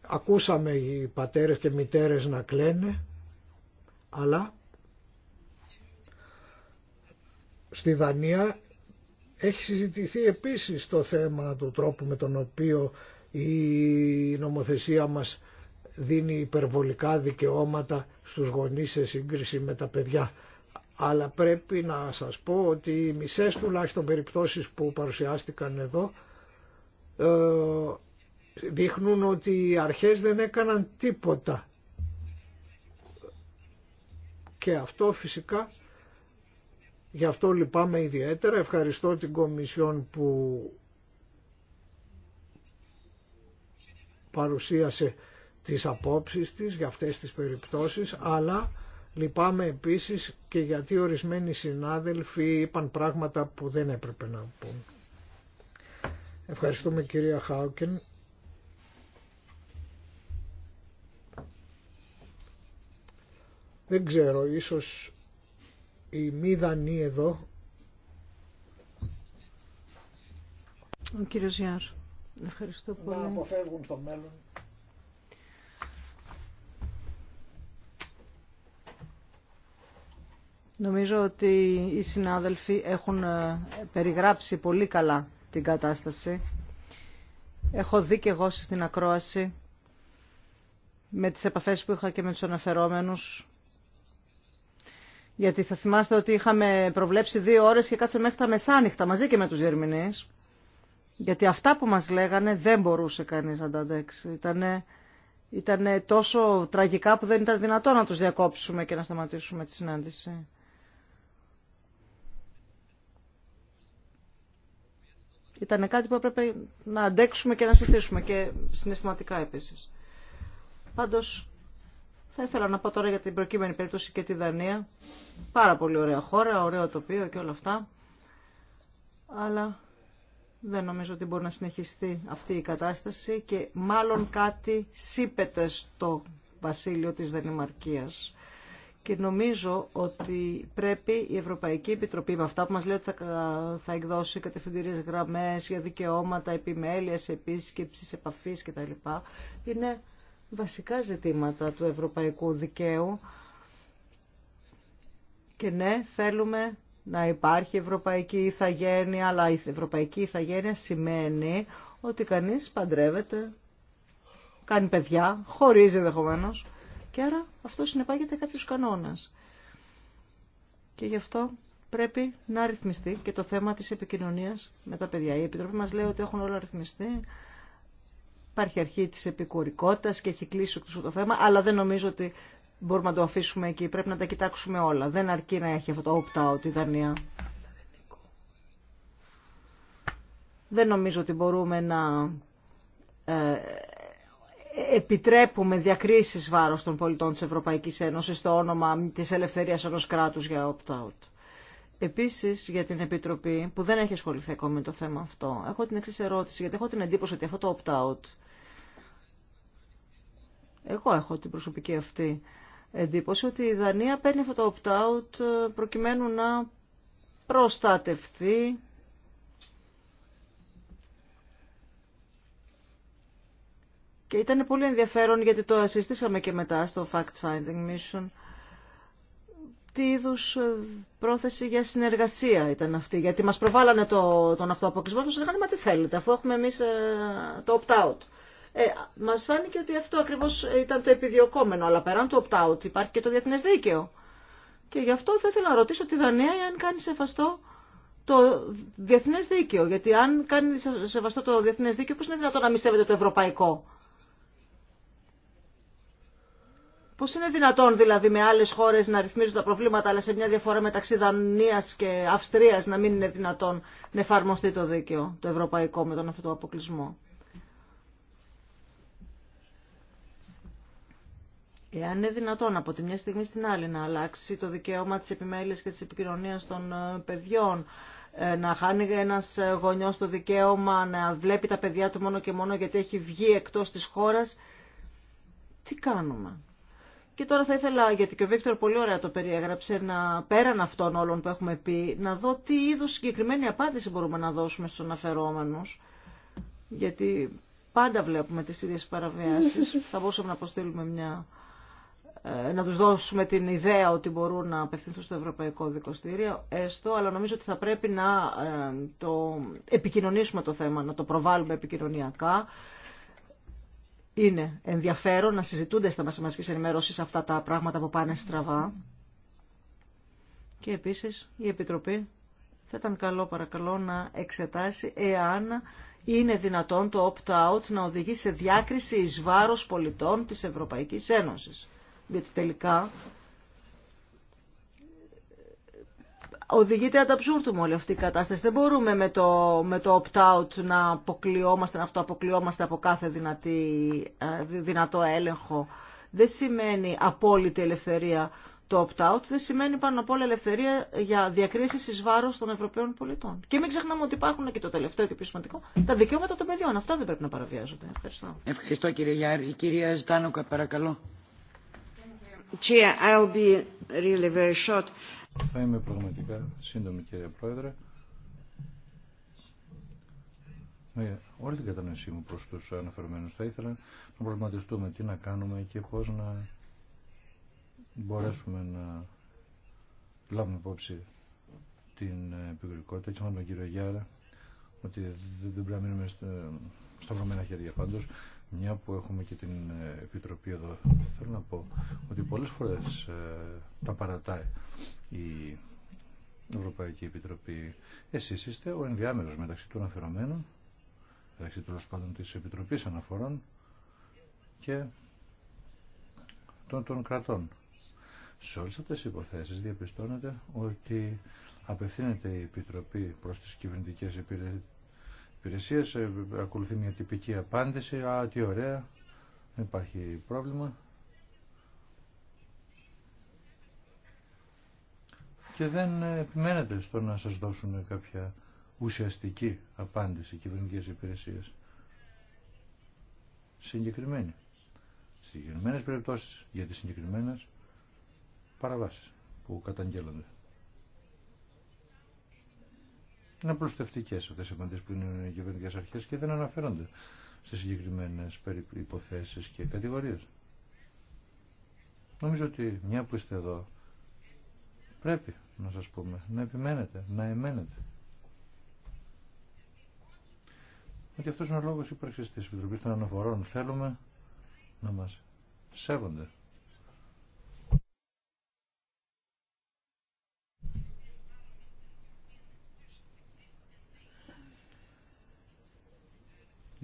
Ακούσαμε οι πατέρες και μητέρες να κλαίνε, αλλά στη Δανία έχει συζητηθεί επίσης το θέμα του τρόπου με τον οποίο η νομοθεσία μας δίνει υπερβολικά δικαιώματα στους γονείς σε σύγκριση με τα παιδιά. Αλλά πρέπει να σας πω ότι οι μισές τουλάχιστον περιπτώσεις που παρουσιάστηκαν εδώ ε, δείχνουν ότι οι αρχές δεν έκαναν τίποτα. Και αυτό φυσικά Γι' αυτό λυπάμαι ιδιαίτερα. Ευχαριστώ την Κομισιόν που παρουσίασε τις απόψεις της για αυτές τις περιπτώσεις, αλλά λυπάμαι επίσης και γιατί ορισμένοι συνάδελφοι είπαν πράγματα που δεν έπρεπε να πούν. Ευχαριστούμε κυρία Χάουκεν. Δεν ξέρω, ίσως η μη εδώ. Ο κύριο Γιάρ. Ευχαριστώ πολύ. αποφεύγουν μέλλον. Νομίζω ότι οι συνάδελφοι έχουν ε, περιγράψει πολύ καλά την κατάσταση. Έχω δει και εγώ στην ακρόαση με τις επαφές που είχα και με τους αναφερόμενους γιατί θα θυμάστε ότι είχαμε προβλέψει δύο ώρες και κάτσε μέχρι τα μεσάνυχτα μαζί και με τους διερμηνείς. Γιατί αυτά που μας λέγανε δεν μπορούσε κανείς να τα αντέξει. Ήτανε, ήτανε τόσο τραγικά που δεν ήταν δυνατό να τους διακόψουμε και να σταματήσουμε τη συνάντηση. Ήταν κάτι που έπρεπε να αντέξουμε και να συστήσουμε και συναισθηματικά επίσης. Πάντως θα ήθελα να πω τώρα για την προκείμενη περίπτωση και τη Δανία. Πάρα πολύ ωραία χώρα, ωραίο τοπίο και όλα αυτά. Αλλά δεν νομίζω ότι μπορεί να συνεχιστεί αυτή η κατάσταση και μάλλον κάτι σύπεται στο βασίλειο της Δανημαρκίας. Και νομίζω ότι πρέπει η Ευρωπαϊκή Επιτροπή με αυτά που μας λέει ότι θα, θα εκδώσει κατευθυντηρίες γραμμές για δικαιώματα, επιμέλειες, επίσκεψης, επαφής κτλ. Είναι βασικά ζητήματα του ευρωπαϊκού δικαίου. Και ναι, θέλουμε να υπάρχει ευρωπαϊκή ηθαγένεια, αλλά η ευρωπαϊκή ηθαγένεια σημαίνει ότι κανείς παντρεύεται, κάνει παιδιά, χωρίζει ενδεχομένω. Και άρα αυτό συνεπάγεται κάποιους κανόνας. Και γι' αυτό πρέπει να ρυθμιστεί και το θέμα της επικοινωνίας με τα παιδιά. Η Επιτροπή μας λέει ότι έχουν όλα ρυθμιστεί. Υπάρχει αρχή της επικουρικότητας και έχει κλείσει το θέμα, αλλά δεν νομίζω ότι μπορούμε να το αφήσουμε εκεί. Πρέπει να τα κοιτάξουμε όλα. Δεν αρκεί να έχει αυτό το opt-out η Δανία. Δεν νομίζω ότι μπορούμε να ε, επιτρέπουμε διακρίσεις βάρος των πολιτών της Ευρωπαϊκής Ένωσης στο όνομα της ελευθερίας ενός κράτους για opt-out. Επίσης για την Επιτροπή που δεν έχει ασχοληθεί ακόμα με το θέμα αυτό, έχω την εξή ερώτηση γιατί έχω την εντύπωση ότι αυτό το opt-out εγώ έχω την προσωπική αυτή εντύπωση ότι η Δανία παίρνει αυτό το opt-out ε, προκειμένου να προστατευτεί και ήταν πολύ ενδιαφέρον γιατί το ασύστησαμε και μετά στο fact-finding mission τι είδου ε, πρόθεση για συνεργασία ήταν αυτή. Γιατί μας προβάλλανε το, τον αυτοαποκλεισμό και μας λέγανε «Μα τι θέλετε, αφού έχουμε εμείς ε, το opt-out». Ε, μας φάνηκε ότι αυτό ακριβώ ήταν το επιδιωκόμενο, αλλά πέραν του opt-out υπάρχει και το διεθνέ δίκαιο. Και γι' αυτό θα ήθελα να ρωτήσω τη Δανία αν κάνει σεβαστό το διεθνέ δίκαιο. Γιατί αν κάνει σεβαστό το διεθνέ δίκαιο, πώ είναι δυνατόν να μη σέβεται το ευρωπαϊκό. Πώ είναι δυνατόν δηλαδή με άλλε χώρε να ρυθμίζουν τα προβλήματα, αλλά σε μια διαφορά μεταξύ Δανία και Αυστρία να μην είναι δυνατόν να εφαρμοστεί το δίκαιο, το ευρωπαϊκό, με τον αυτό το αποκλεισμό. Εάν είναι δυνατόν από τη μια στιγμή στην άλλη να αλλάξει το δικαίωμα της επιμέλειας και της επικοινωνίας των ε, παιδιών, ε, να χάνει ένας ε, γονιός το δικαίωμα να βλέπει τα παιδιά του μόνο και μόνο γιατί έχει βγει εκτός της χώρας, τι κάνουμε. Και τώρα θα ήθελα, γιατί και ο Βίκτορ πολύ ωραία το περιέγραψε, να πέραν αυτών όλων που έχουμε πει, να δω τι είδους συγκεκριμένη απάντηση μπορούμε να δώσουμε στους αναφερόμενους. Γιατί πάντα βλέπουμε τις ίδιες παραβιάσεις. θα μπορούσαμε να αποστείλουμε μια ε, να τους δώσουμε την ιδέα ότι μπορούν να απευθυνθούν στο Ευρωπαϊκό Δικοστήριο έστω, αλλά νομίζω ότι θα πρέπει να ε, το επικοινωνήσουμε το θέμα, να το προβάλλουμε επικοινωνιακά. Είναι ενδιαφέρον να συζητούνται στα μασομαστικής ενημερώσεις αυτά τα πράγματα που πάνε στραβά. Και επίσης η Επιτροπή θα ήταν καλό παρακαλώ να εξετάσει εάν είναι δυνατόν το opt-out να οδηγεί σε διάκριση εις βάρος πολιτών της Ευρωπαϊκής Ένωσης διότι τελικά οδηγείται ανταψούρτουμε όλη αυτή η κατάσταση. Δεν μπορούμε με το, με το opt-out να αποκλειόμαστε, να αυτοαποκλειόμαστε από κάθε δυνατή, ε, δυνατό έλεγχο. Δεν σημαίνει απόλυτη ελευθερία το opt-out, δεν σημαίνει πάνω απ' όλα ελευθερία για διακρίσει ει βάρο των Ευρωπαίων πολιτών. Και μην ξεχνάμε ότι υπάρχουν και το τελευταίο και πιο σημαντικό, τα δικαιώματα των παιδιών. Αυτά δεν πρέπει να παραβιάζονται. Ευχαριστώ. Ευχαριστώ κύριε Γιάρη. Η κυρία Ζητάνοκα, παρακαλώ. Θα είμαι πραγματικά σύντομη κύριε Πρόεδρε. Με όλη την κατανόησή μου προς τους αναφερμένους θα ήθελα να προβληματιστούμε τι να κάνουμε και πώς να μπορέσουμε να λάβουμε υπόψη την επικουρικότητα. του με τον κύριο Γιάρα ότι δεν πρέπει να μείνουμε στα βρωμένα χέρια πάντως μια που έχουμε και την ε, Επιτροπή εδώ, θέλω να πω ότι πολλές φορές ε, τα παρατάει η Ευρωπαϊκή Επιτροπή. Εσείς είστε ο ενδιάμερος μεταξύ των αναφερομένου, μεταξύ των πάντων της Επιτροπής Αναφορών και των, των κρατών. Σε όλες αυτές τις υποθέσεις διαπιστώνεται ότι απευθύνεται η Επιτροπή προς τις κυβερνητικές ε, ακολουθεί μια τυπική απάντηση, α, τι ωραία, δεν υπάρχει πρόβλημα. Και δεν ε, επιμένετε στο να σας δώσουν κάποια ουσιαστική απάντηση κυβερνικές υπηρεσίες. Συγκεκριμένη. Συγκεκριμένες περιπτώσεις για τις συγκεκριμένες παραβάσεις που καταγγέλλονται. Είναι απλουστευτικέ αυτέ οι απαντήσει που είναι οι κυβερνητικέ αρχέ και δεν αναφέρονται σε συγκεκριμένε υποθέσει και κατηγορίε. Νομίζω ότι μια που είστε εδώ πρέπει να σας πούμε, να επιμένετε, να εμένετε. Οτι αυτός είναι ο λόγος ύπαρξη της Επιτροπής των Αναφορών. Θέλουμε να μας σέβονται.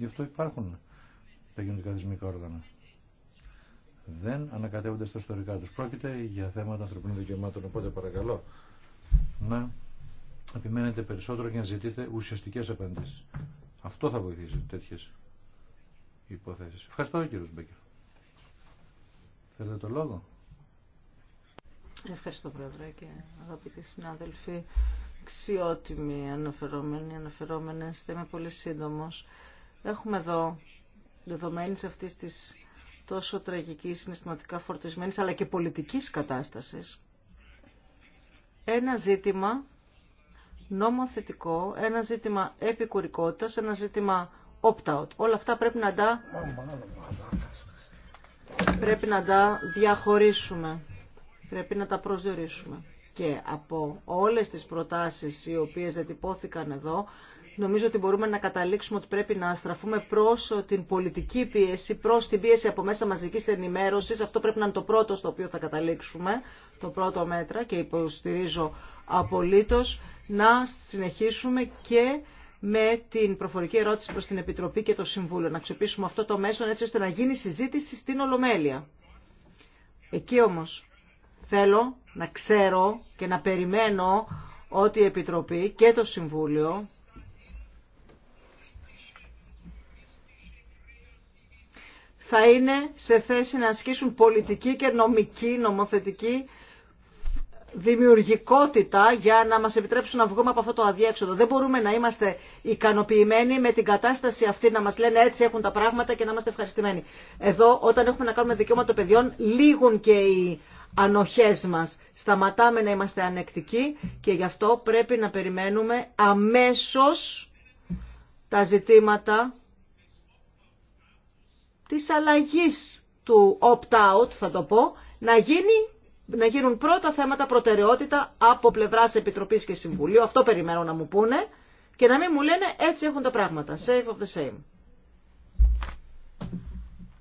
Γι' αυτό υπάρχουν τα κοινωνικά θεσμικά όργανα. Δεν ανακατεύονται στα ιστορικά τους. Πρόκειται για θέματα ανθρωπίνων δικαιωμάτων. Οπότε παρακαλώ να επιμένετε περισσότερο και να ζητείτε ουσιαστικές απαντήσεις. Αυτό θα βοηθήσει τέτοιες υποθέσεις. Ευχαριστώ κύριο Μπέκερ. Θέλετε το λόγο. Ευχαριστώ πρόεδρε και αγαπητοί συνάδελφοι. Αξιότιμοι αναφερόμενοι, αναφερόμενες, είστε με πολύ σύντομος. Έχουμε εδώ, δεδομένη αυτή της τόσο τραγική, συναισθηματικά φορτισμένη, αλλά και πολιτική κατάσταση, ένα ζήτημα νομοθετικό, ένα ζήτημα επικουρικότητας, ένα ζήτημα opt-out. Όλα αυτά πρέπει να τα, πρέπει να τα διαχωρίσουμε, πρέπει να τα προσδιορίσουμε. Και από όλες τις προτάσεις οι οποίες διατυπώθηκαν εδώ, νομίζω ότι μπορούμε να καταλήξουμε ότι πρέπει να στραφούμε προ την πολιτική πίεση, προς την πίεση από μέσα μαζική ενημέρωση. Αυτό πρέπει να είναι το πρώτο στο οποίο θα καταλήξουμε, το πρώτο μέτρα και υποστηρίζω απολύτως να συνεχίσουμε και με την προφορική ερώτηση προς την Επιτροπή και το Συμβούλιο. Να αξιοποιήσουμε αυτό το μέσο έτσι ώστε να γίνει συζήτηση στην Ολομέλεια. Εκεί όμως θέλω να ξέρω και να περιμένω ότι η Επιτροπή και το Συμβούλιο θα είναι σε θέση να ασκήσουν πολιτική και νομική, νομοθετική δημιουργικότητα για να μας επιτρέψουν να βγούμε από αυτό το αδιέξοδο. Δεν μπορούμε να είμαστε ικανοποιημένοι με την κατάσταση αυτή, να μας λένε έτσι έχουν τα πράγματα και να είμαστε ευχαριστημένοι. Εδώ όταν έχουμε να κάνουμε δικαιώματα παιδιών λίγουν και οι ανοχές μας. Σταματάμε να είμαστε ανεκτικοί και γι' αυτό πρέπει να περιμένουμε αμέσως τα ζητήματα της αλλαγής του opt-out, θα το πω, να, γίνει, να γίνουν πρώτα θέματα προτεραιότητα από πλευράς Επιτροπής και Συμβουλίου. Αυτό περιμένω να μου πούνε και να μην μου λένε έτσι έχουν τα πράγματα. Save of the same.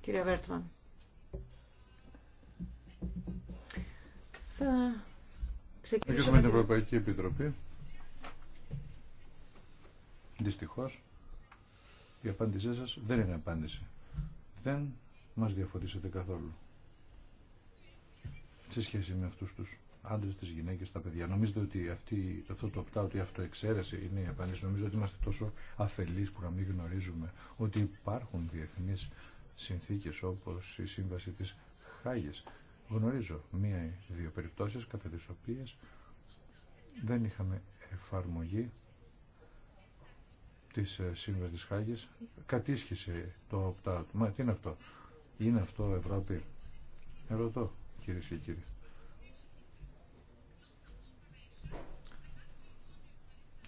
Κύριε Βέρτμαν. Θα ξεκινήσουμε την Ευρωπαϊκή Επιτροπή. Δυστυχώς η απάντησή σας δεν είναι απάντηση δεν μας διαφωτίσατε καθόλου σε σχέση με αυτούς τους άντρες, τις γυναίκες, τα παιδιά. Νομίζετε ότι αυτή, αυτό το opt ότι αυτό η αυτοεξαίρεση είναι η απάντηση. Νομίζω ότι είμαστε τόσο αφελείς που να μην γνωρίζουμε ότι υπάρχουν διεθνείς συνθήκες όπως η σύμβαση της Χάγης. Γνωρίζω μία ή δύο περιπτώσεις κατά τις οποίες δεν είχαμε εφαρμογή της ε, Σύμβασης της Χάγης κατήσχησε το opt Μα τι είναι αυτό. Είναι αυτό Ευρώπη. Ερωτώ κυρίες και κύριοι.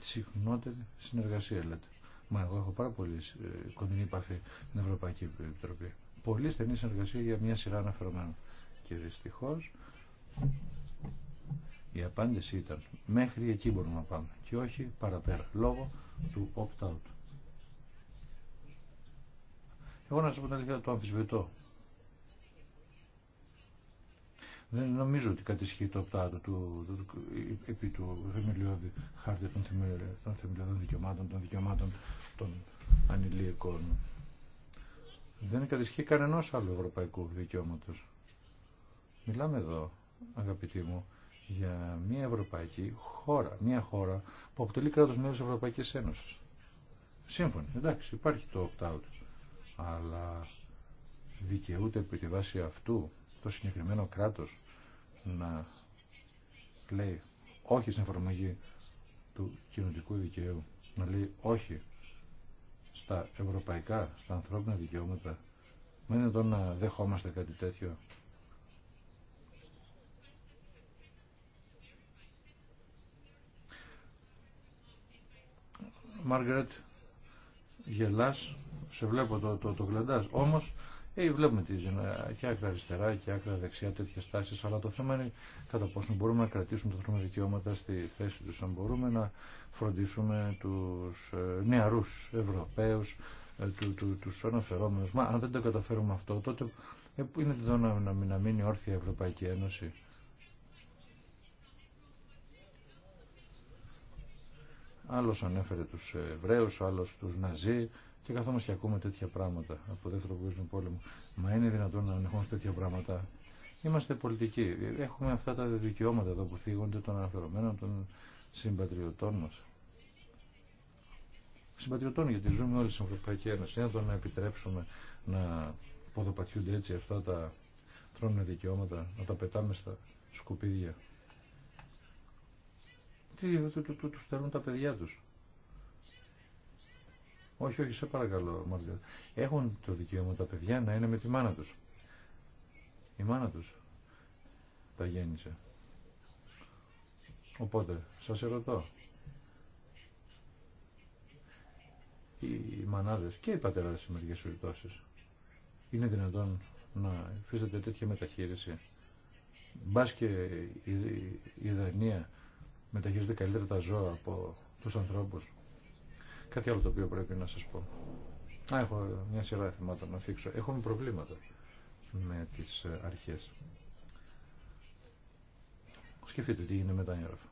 Συχνότερη συνεργασία λέτε. Μα εγώ έχω πάρα πολύ ε, κοντινή επαφή με την Ευρωπαϊκή Επιτροπή. Πολύ στενή συνεργασία για μια σειρά αναφερομένων. Και δυστυχώς απάντηση ήταν μέχρι εκεί μπορούμε να πάμε και όχι παραπέρα λόγω του opt-out. Εγώ να σα πω την αλήθεια το αμφισβητώ. Δεν νομίζω ότι κατησχεί το opt-out του, του, του, επί του θεμελιώδη χάρτη των, των θεμελιωδών δικαιωμάτων, των δικαιωμάτων των ανηλίκων. Δεν κατησχεί κανένα άλλο ευρωπαϊκού δικαιώματο. Μιλάμε εδώ, αγαπητοί μου, για μια ευρωπαϊκή χώρα, μια χώρα που αποτελεί κράτος μέλος της Ευρωπαϊκής Ένωσης. Σύμφωνοι, εντάξει, υπάρχει το opt-out, αλλά δικαιούται επί τη βάση αυτού το συγκεκριμένο κράτος να λέει όχι στην εφαρμογή του κοινωτικού δικαίου, να λέει όχι στα ευρωπαϊκά, στα ανθρώπινα δικαιώματα. Μην είναι το να δεχόμαστε κάτι τέτοιο Μάργαρετ, γελά, σε βλέπω το, το, το Όμως, ε, βλέπουμε τη ζωή και άκρα αριστερά και άκρα δεξιά τέτοιε τάσει, αλλά το θέμα είναι κατά πόσο μπορούμε να κρατήσουμε τα ανθρώπινα δικαιώματα στη θέση του, αν μπορούμε να φροντίσουμε του ε, νεαρού Ευρωπαίου, ε, του, του, τους αναφερόμενους. Μα αν δεν το καταφέρουμε αυτό, τότε ε, είναι εδώ να, να, να μείνει όρθια η Ευρωπαϊκή Ένωση. Άλλος ανέφερε τους Εβραίους, άλλος τους Ναζί και καθόμαστε και ακούμε τέτοια πράγματα από το δεύτερο παγκόσμιο πόλεμο. Μα είναι δυνατόν να ανεχόμαστε τέτοια πράγματα. Είμαστε πολιτικοί. Έχουμε αυτά τα δικαιώματα εδώ που θίγονται των αναφερομένων των συμπατριωτών μας. Συμπατριωτών γιατί ζούμε όλοι στην Ευρωπαϊκή Ένωση. Είναι το να επιτρέψουμε να ποδοπατιούνται έτσι αυτά τα τρώνε δικαιώματα, να τα πετάμε στα σκουπίδια τι του, του, τα παιδιά τους. Όχι, όχι, σε παρακαλώ, Έχουν το δικαίωμα τα παιδιά να είναι με τη μάνα τους. Η μάνα τους τα γέννησε. Οπότε, σας ερωτώ. Οι μανάδες και οι πατεράδες σε μερικές περιπτώσεις είναι δυνατόν να υφίσταται τέτοια μεταχείριση. Μπα και η Δανία μεταχείριζεται καλύτερα τα ζώα από του ανθρώπους. Κάτι άλλο το οποίο πρέπει να σας πω. Α, έχω μια σειρά θεμάτων να θίξω. Έχουμε προβλήματα με τις ε, αρχές. Σκεφτείτε τι γίνεται με τα έγγραφα.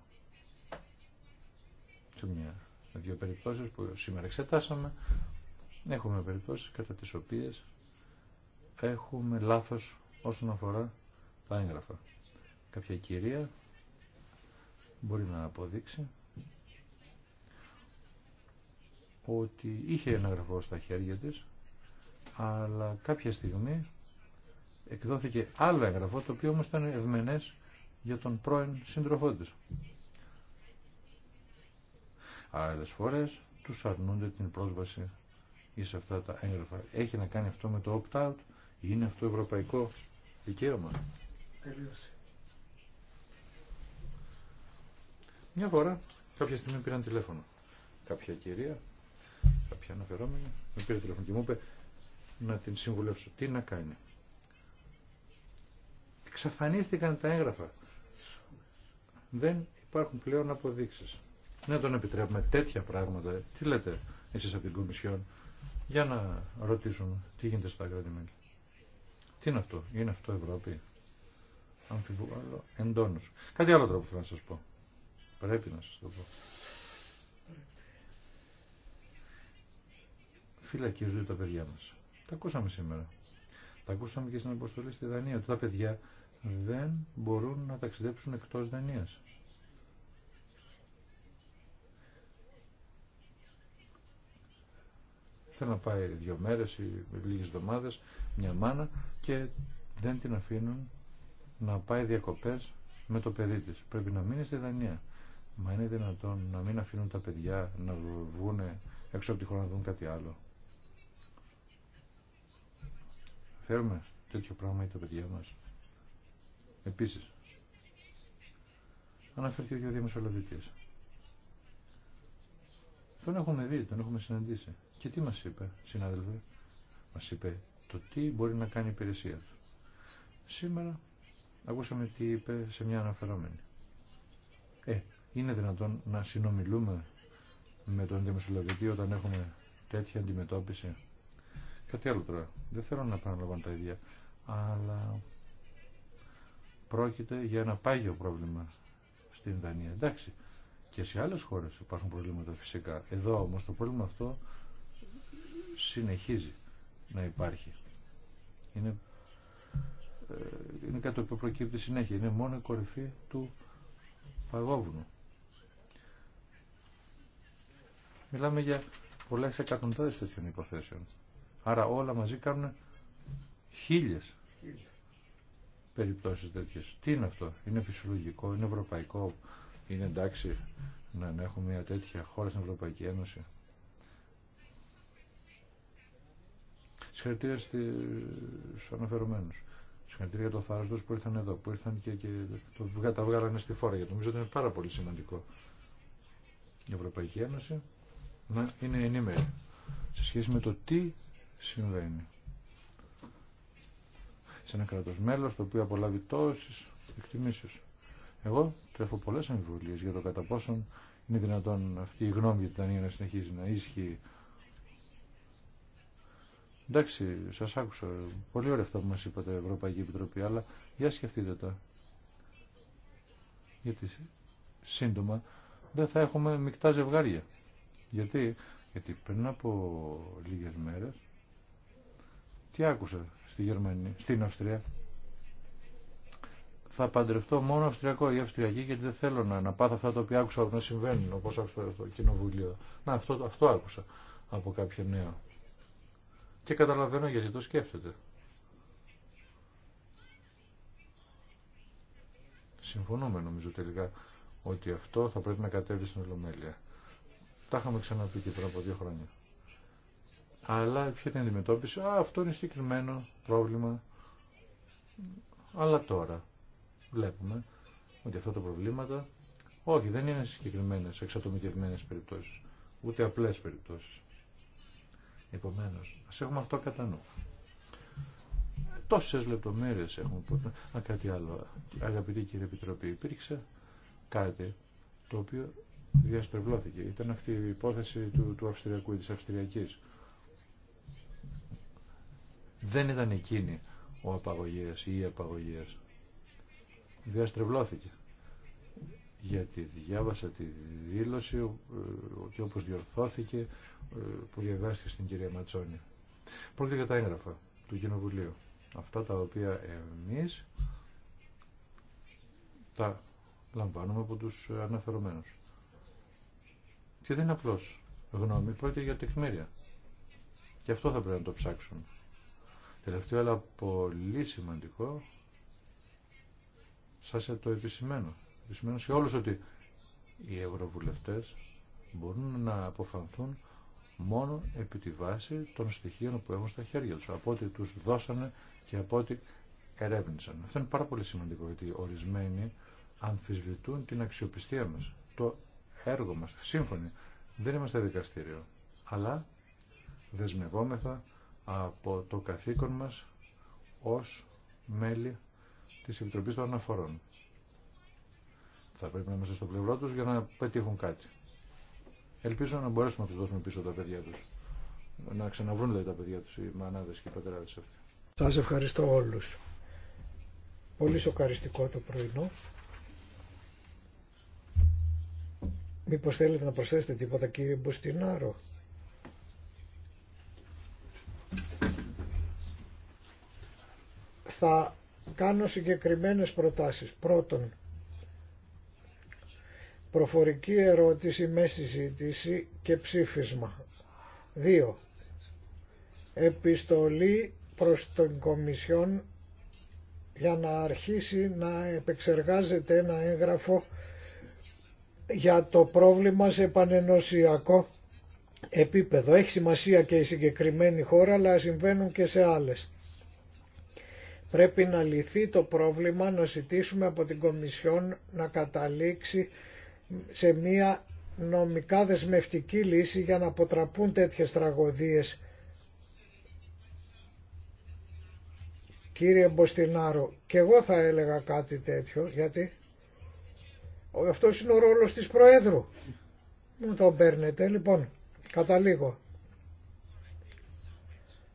Σε μια δύο περιπτώσει που σήμερα εξετάσαμε, έχουμε περιπτώσει κατά τι οποίε έχουμε λάθο όσον αφορά τα έγγραφα. Κάποια κυρία μπορεί να αποδείξει ότι είχε ένα γραφό στα χέρια της, αλλά κάποια στιγμή εκδόθηκε άλλο εγγραφό, το οποίο όμως ήταν ευμενές για τον πρώην σύντροφό της. Άλλες φορές τους αρνούνται την πρόσβαση σε αυτά τα έγγραφα. Έχει να κάνει αυτό με το opt-out, ή είναι αυτό ευρωπαϊκό δικαίωμα. Μια φορά κάποια στιγμή πήραν τηλέφωνο. Κάποια κυρία, κάποια αναφερόμενη, με πήρε τηλέφωνο και μου είπε να την συμβουλεύσω. Τι να κάνει. Εξαφανίστηκαν τα έγγραφα. Δεν υπάρχουν πλέον αποδείξει. Να τον επιτρέπουμε τέτοια πράγματα. Τι λέτε εσείς από την Κομισιόν. Για να ρωτήσουν τι γίνεται στα κράτη-μέλη. Τι είναι αυτό. Είναι αυτό Ευρώπη. Αμφιβάλλω εντόνως. Κάτι άλλο τρόπο θέλω να σας πω. Πρέπει να σας το πω. Φυλακίζονται τα παιδιά μας. Τα ακούσαμε σήμερα. Τα ακούσαμε και στην αποστολή στη Δανία. Τα παιδιά δεν μπορούν να ταξιδέψουν εκτός Δανίας. θέλουν να πάει δύο μέρες ή λίγες εβδομάδες μια μάνα και δεν την αφήνουν να πάει διακοπές με το παιδί της. Πρέπει να μείνει στη Δανία. Μα είναι δυνατόν να μην αφήνουν τα παιδιά να βγουν έξω από τη χώρα να δουν κάτι άλλο. Θέλουμε τέτοιο πράγμα για τα παιδιά μας. Επίσης, αναφέρθηκε ο Γιώργος Μεσολαβητής. Τον έχουμε δει, τον έχουμε συναντήσει. Και τι μα είπε, συνάδελφε. μα είπε το τι μπορεί να κάνει η υπηρεσία του. Σήμερα ακούσαμε τι είπε σε μια αναφερόμενη. Ε, είναι δυνατόν να συνομιλούμε με τον δημοσιολογητή όταν έχουμε τέτοια αντιμετώπιση. Κάτι άλλο τώρα. Δεν θέλω να επαναλαμβάνω τα ίδια. Αλλά πρόκειται για ένα πάγιο πρόβλημα στην Δανία. Εντάξει. Και σε άλλες χώρες υπάρχουν προβλήματα φυσικά. Εδώ όμως το πρόβλημα αυτό συνεχίζει να υπάρχει. Είναι, ε, είναι κάτι που προκύπτει συνέχεια. Είναι μόνο η κορυφή του παγόβουνου. Μιλάμε για πολλέ εκατοντάδες τέτοιων υποθέσεων. Άρα όλα μαζί κάνουν χίλιες περιπτώσεις τέτοιες. Τι είναι αυτό, είναι φυσιολογικό, είναι ευρωπαϊκό, είναι εντάξει να, έχουμε μια τέτοια χώρα στην Ευρωπαϊκή Ένωση. Συγχαρητήρια στους αναφερομένους. Συγχαρητήρια για το θάρρος τους που ήρθαν εδώ, που ήρθαν και, το, τα βγάλανε στη φόρα, γιατί νομίζω ότι είναι πάρα πολύ σημαντικό. Η Ευρωπαϊκή Ένωση να είναι ενήμερη σε σχέση με το τι συμβαίνει. Σε ένα κράτο μέλος το οποίο απολάβει τόσες εκτιμήσεις. Εγώ τρέφω πολλές αμφιβολίε για το κατά πόσον είναι δυνατόν αυτή η γνώμη για την Δανία να συνεχίζει να ίσχυει. Εντάξει, σας άκουσα. Πολύ ωραία αυτά που μα είπατε Ευρωπαϊκή Επιτροπή, αλλά για σκεφτείτε τα. Γιατί σύντομα δεν θα έχουμε μεικτά ζευγάρια. Γιατί, γιατί πριν από λίγες μέρες, τι άκουσα στη Γερμανία, στην Αυστρία. Θα παντρευτώ μόνο Αυστριακό ή Αυστριακή γιατί δεν θέλω να, να πάθω αυτά τα οποία άκουσα να συμβαίνουν όπως άκουσα στο κοινοβούλιο. Να, αυτό, αυτό άκουσα από κάποιο νέο. Και καταλαβαίνω γιατί το σκέφτεται. Συμφωνούμε νομίζω τελικά ότι αυτό θα πρέπει να κατέβει στην Ολομέλεια. Τα είχαμε ξαναπεί και πριν από δύο χρόνια. Αλλά ποια ήταν η αντιμετώπιση. αυτό είναι συγκεκριμένο πρόβλημα. Αλλά τώρα βλέπουμε ότι αυτά τα προβλήματα όχι, δεν είναι συγκεκριμένες, εξατομικευμένες περιπτώσεις. Ούτε απλές περιπτώσεις. Επομένως, ας έχουμε αυτό κατά νου. Τόσες λεπτομέρειες έχουμε Α, κάτι άλλο. Αγαπητή κύριε Επιτροπή, υπήρξε κάτι το οποίο διαστρεβλώθηκε. Ήταν αυτή η υπόθεση του, του Αυστριακού, της Αυστριακής. Δεν ήταν εκείνη ο απαγωγιας η η απαγωγιας Διαστρεβλώθηκε. Γιατί διάβασα τη δήλωση ε, και όπως διορθώθηκε ε, που διαβάστηκε στην κυρία Ματσόνη. Πρόκειται για τα του Κοινοβουλίου. Αυτά τα οποία εμείς τα λαμβάνουμε από τους αναφερομένους. Και δεν είναι απλώ. γνώμη, πρόκειται για τεκμήρια. Και αυτό θα πρέπει να το ψάξουν. Τελευταίο, αλλά πολύ σημαντικό, σα το επισημαίνω. Επισημαίνω σε όλου ότι οι ευρωβουλευτέ μπορούν να αποφανθούν μόνο επί τη βάση των στοιχείων που έχουν στα χέρια τους, από ό,τι τους δώσανε και από ό,τι ερεύνησαν. Αυτό είναι πάρα πολύ σημαντικό, γιατί ορισμένοι αμφισβητούν την αξιοπιστία μας. Το έργο μας. Σύμφωνοι, δεν είμαστε δικαστήριο, αλλά δεσμευόμεθα από το καθήκον μας ως μέλη της Επιτροπής των Αναφορών. Θα πρέπει να είμαστε στο πλευρό τους για να πετύχουν κάτι. Ελπίζω να μπορέσουμε να τους δώσουμε πίσω τα παιδιά τους. Να ξαναβρούν λέει τα παιδιά τους οι μανάδες και οι πατεράδες αυτοί. Σας ευχαριστώ όλους. Πολύ σοκαριστικό το πρωινό. Μήπως θέλετε να προσθέσετε τίποτα κύριε Μποστινάρο. Θα κάνω συγκεκριμένες προτάσεις. Πρώτον, προφορική ερώτηση με συζήτηση και ψήφισμα. Δύο, Επιστολή προς τον Κομισιόν για να αρχίσει να επεξεργάζεται ένα έγγραφο για το πρόβλημα σε πανενωσιακό επίπεδο. Έχει σημασία και η συγκεκριμένη χώρα, αλλά συμβαίνουν και σε άλλες. Πρέπει να λυθεί το πρόβλημα, να ζητήσουμε από την Κομισιόν να καταλήξει σε μία νομικά δεσμευτική λύση για να αποτραπούν τέτοιες τραγωδίες. Κύριε Μποστινάρο, και εγώ θα έλεγα κάτι τέτοιο, γιατί αυτός είναι ο ρόλος της Προέδρου. Μου τον παίρνετε. Λοιπόν, καταλήγω.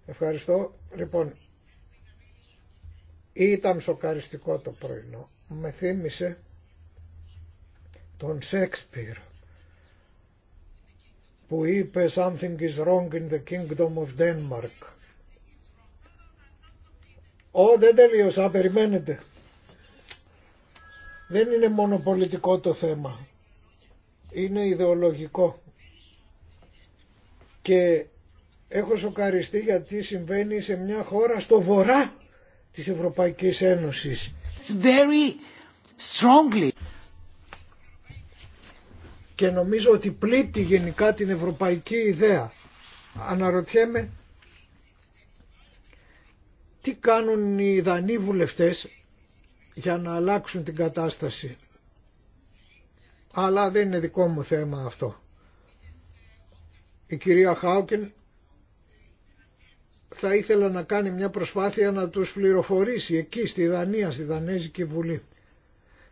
Ευχαριστώ. Λοιπόν, ήταν σοκαριστικό το πρωινό. Με θύμισε τον Σέξπιρ που είπε «Something is wrong in the kingdom of Denmark». Ω, δεν τελείωσα, περιμένετε. Δεν είναι μόνο πολιτικό το θέμα. Είναι ιδεολογικό. Και έχω σοκαριστεί γιατί συμβαίνει σε μια χώρα στο βορρά της Ευρωπαϊκής Ένωσης. It's very strongly. Και νομίζω ότι πλήττει γενικά την ευρωπαϊκή ιδέα. Αναρωτιέμαι τι κάνουν οι Δανείοι βουλευτές για να αλλάξουν την κατάσταση. Αλλά δεν είναι δικό μου θέμα αυτό. Η κυρία Χάουκεν θα ήθελα να κάνει μια προσπάθεια να τους πληροφορήσει εκεί στη Δανία, στη Δανέζικη Βουλή.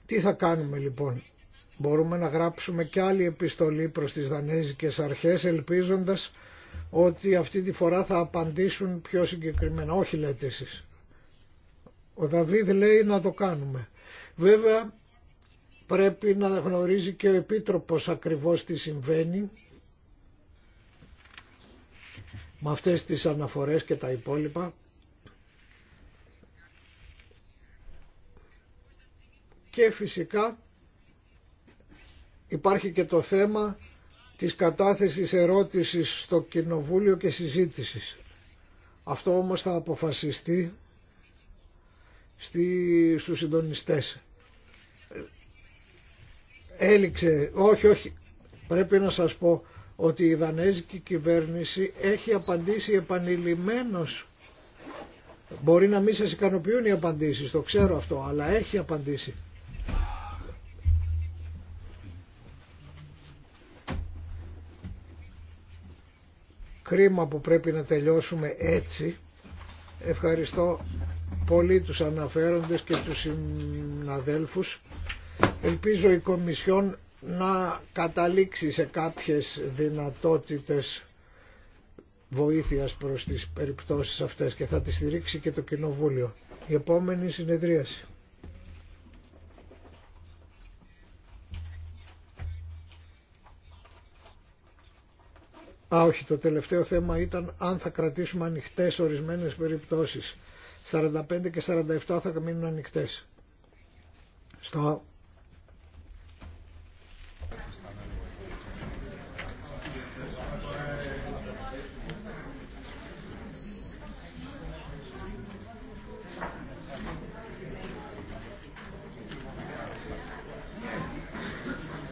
Τι θα κάνουμε λοιπόν. Μπορούμε να γράψουμε και άλλη επιστολή προς τις Δανέζικες αρχές ελπίζοντας ότι αυτή τη φορά θα απαντήσουν πιο συγκεκριμένα. Όχι λέτε εσείς. Ο Δαβίδ λέει να το κάνουμε. Βέβαια πρέπει να γνωρίζει και ο Επίτροπος ακριβώς τι συμβαίνει με αυτές τις αναφορές και τα υπόλοιπα. Και φυσικά υπάρχει και το θέμα της κατάθεσης ερώτησης στο Κοινοβούλιο και συζήτησης. Αυτό όμως θα αποφασιστεί στη, στους συντονιστές. Έληξε, όχι, όχι, πρέπει να σας πω ότι η δανέζικη κυβέρνηση έχει απαντήσει επανειλημμένος Μπορεί να μην σας ικανοποιούν οι απαντήσεις, το ξέρω αυτό, αλλά έχει απαντήσει. Κρίμα που πρέπει να τελειώσουμε έτσι. Ευχαριστώ πολύ τους αναφέροντες και τους συναδέλφους. Ελπίζω η Κομισιόν να καταλήξει σε κάποιες δυνατότητες βοήθειας προς τις περιπτώσεις αυτές και θα τη στηρίξει και το Κοινοβούλιο. Η επόμενη συνεδρίαση. Α, όχι, το τελευταίο θέμα ήταν αν θα κρατήσουμε ανοιχτές ορισμένες περιπτώσεις. 45 και 47 θα μείνουν ανοιχτές. Στο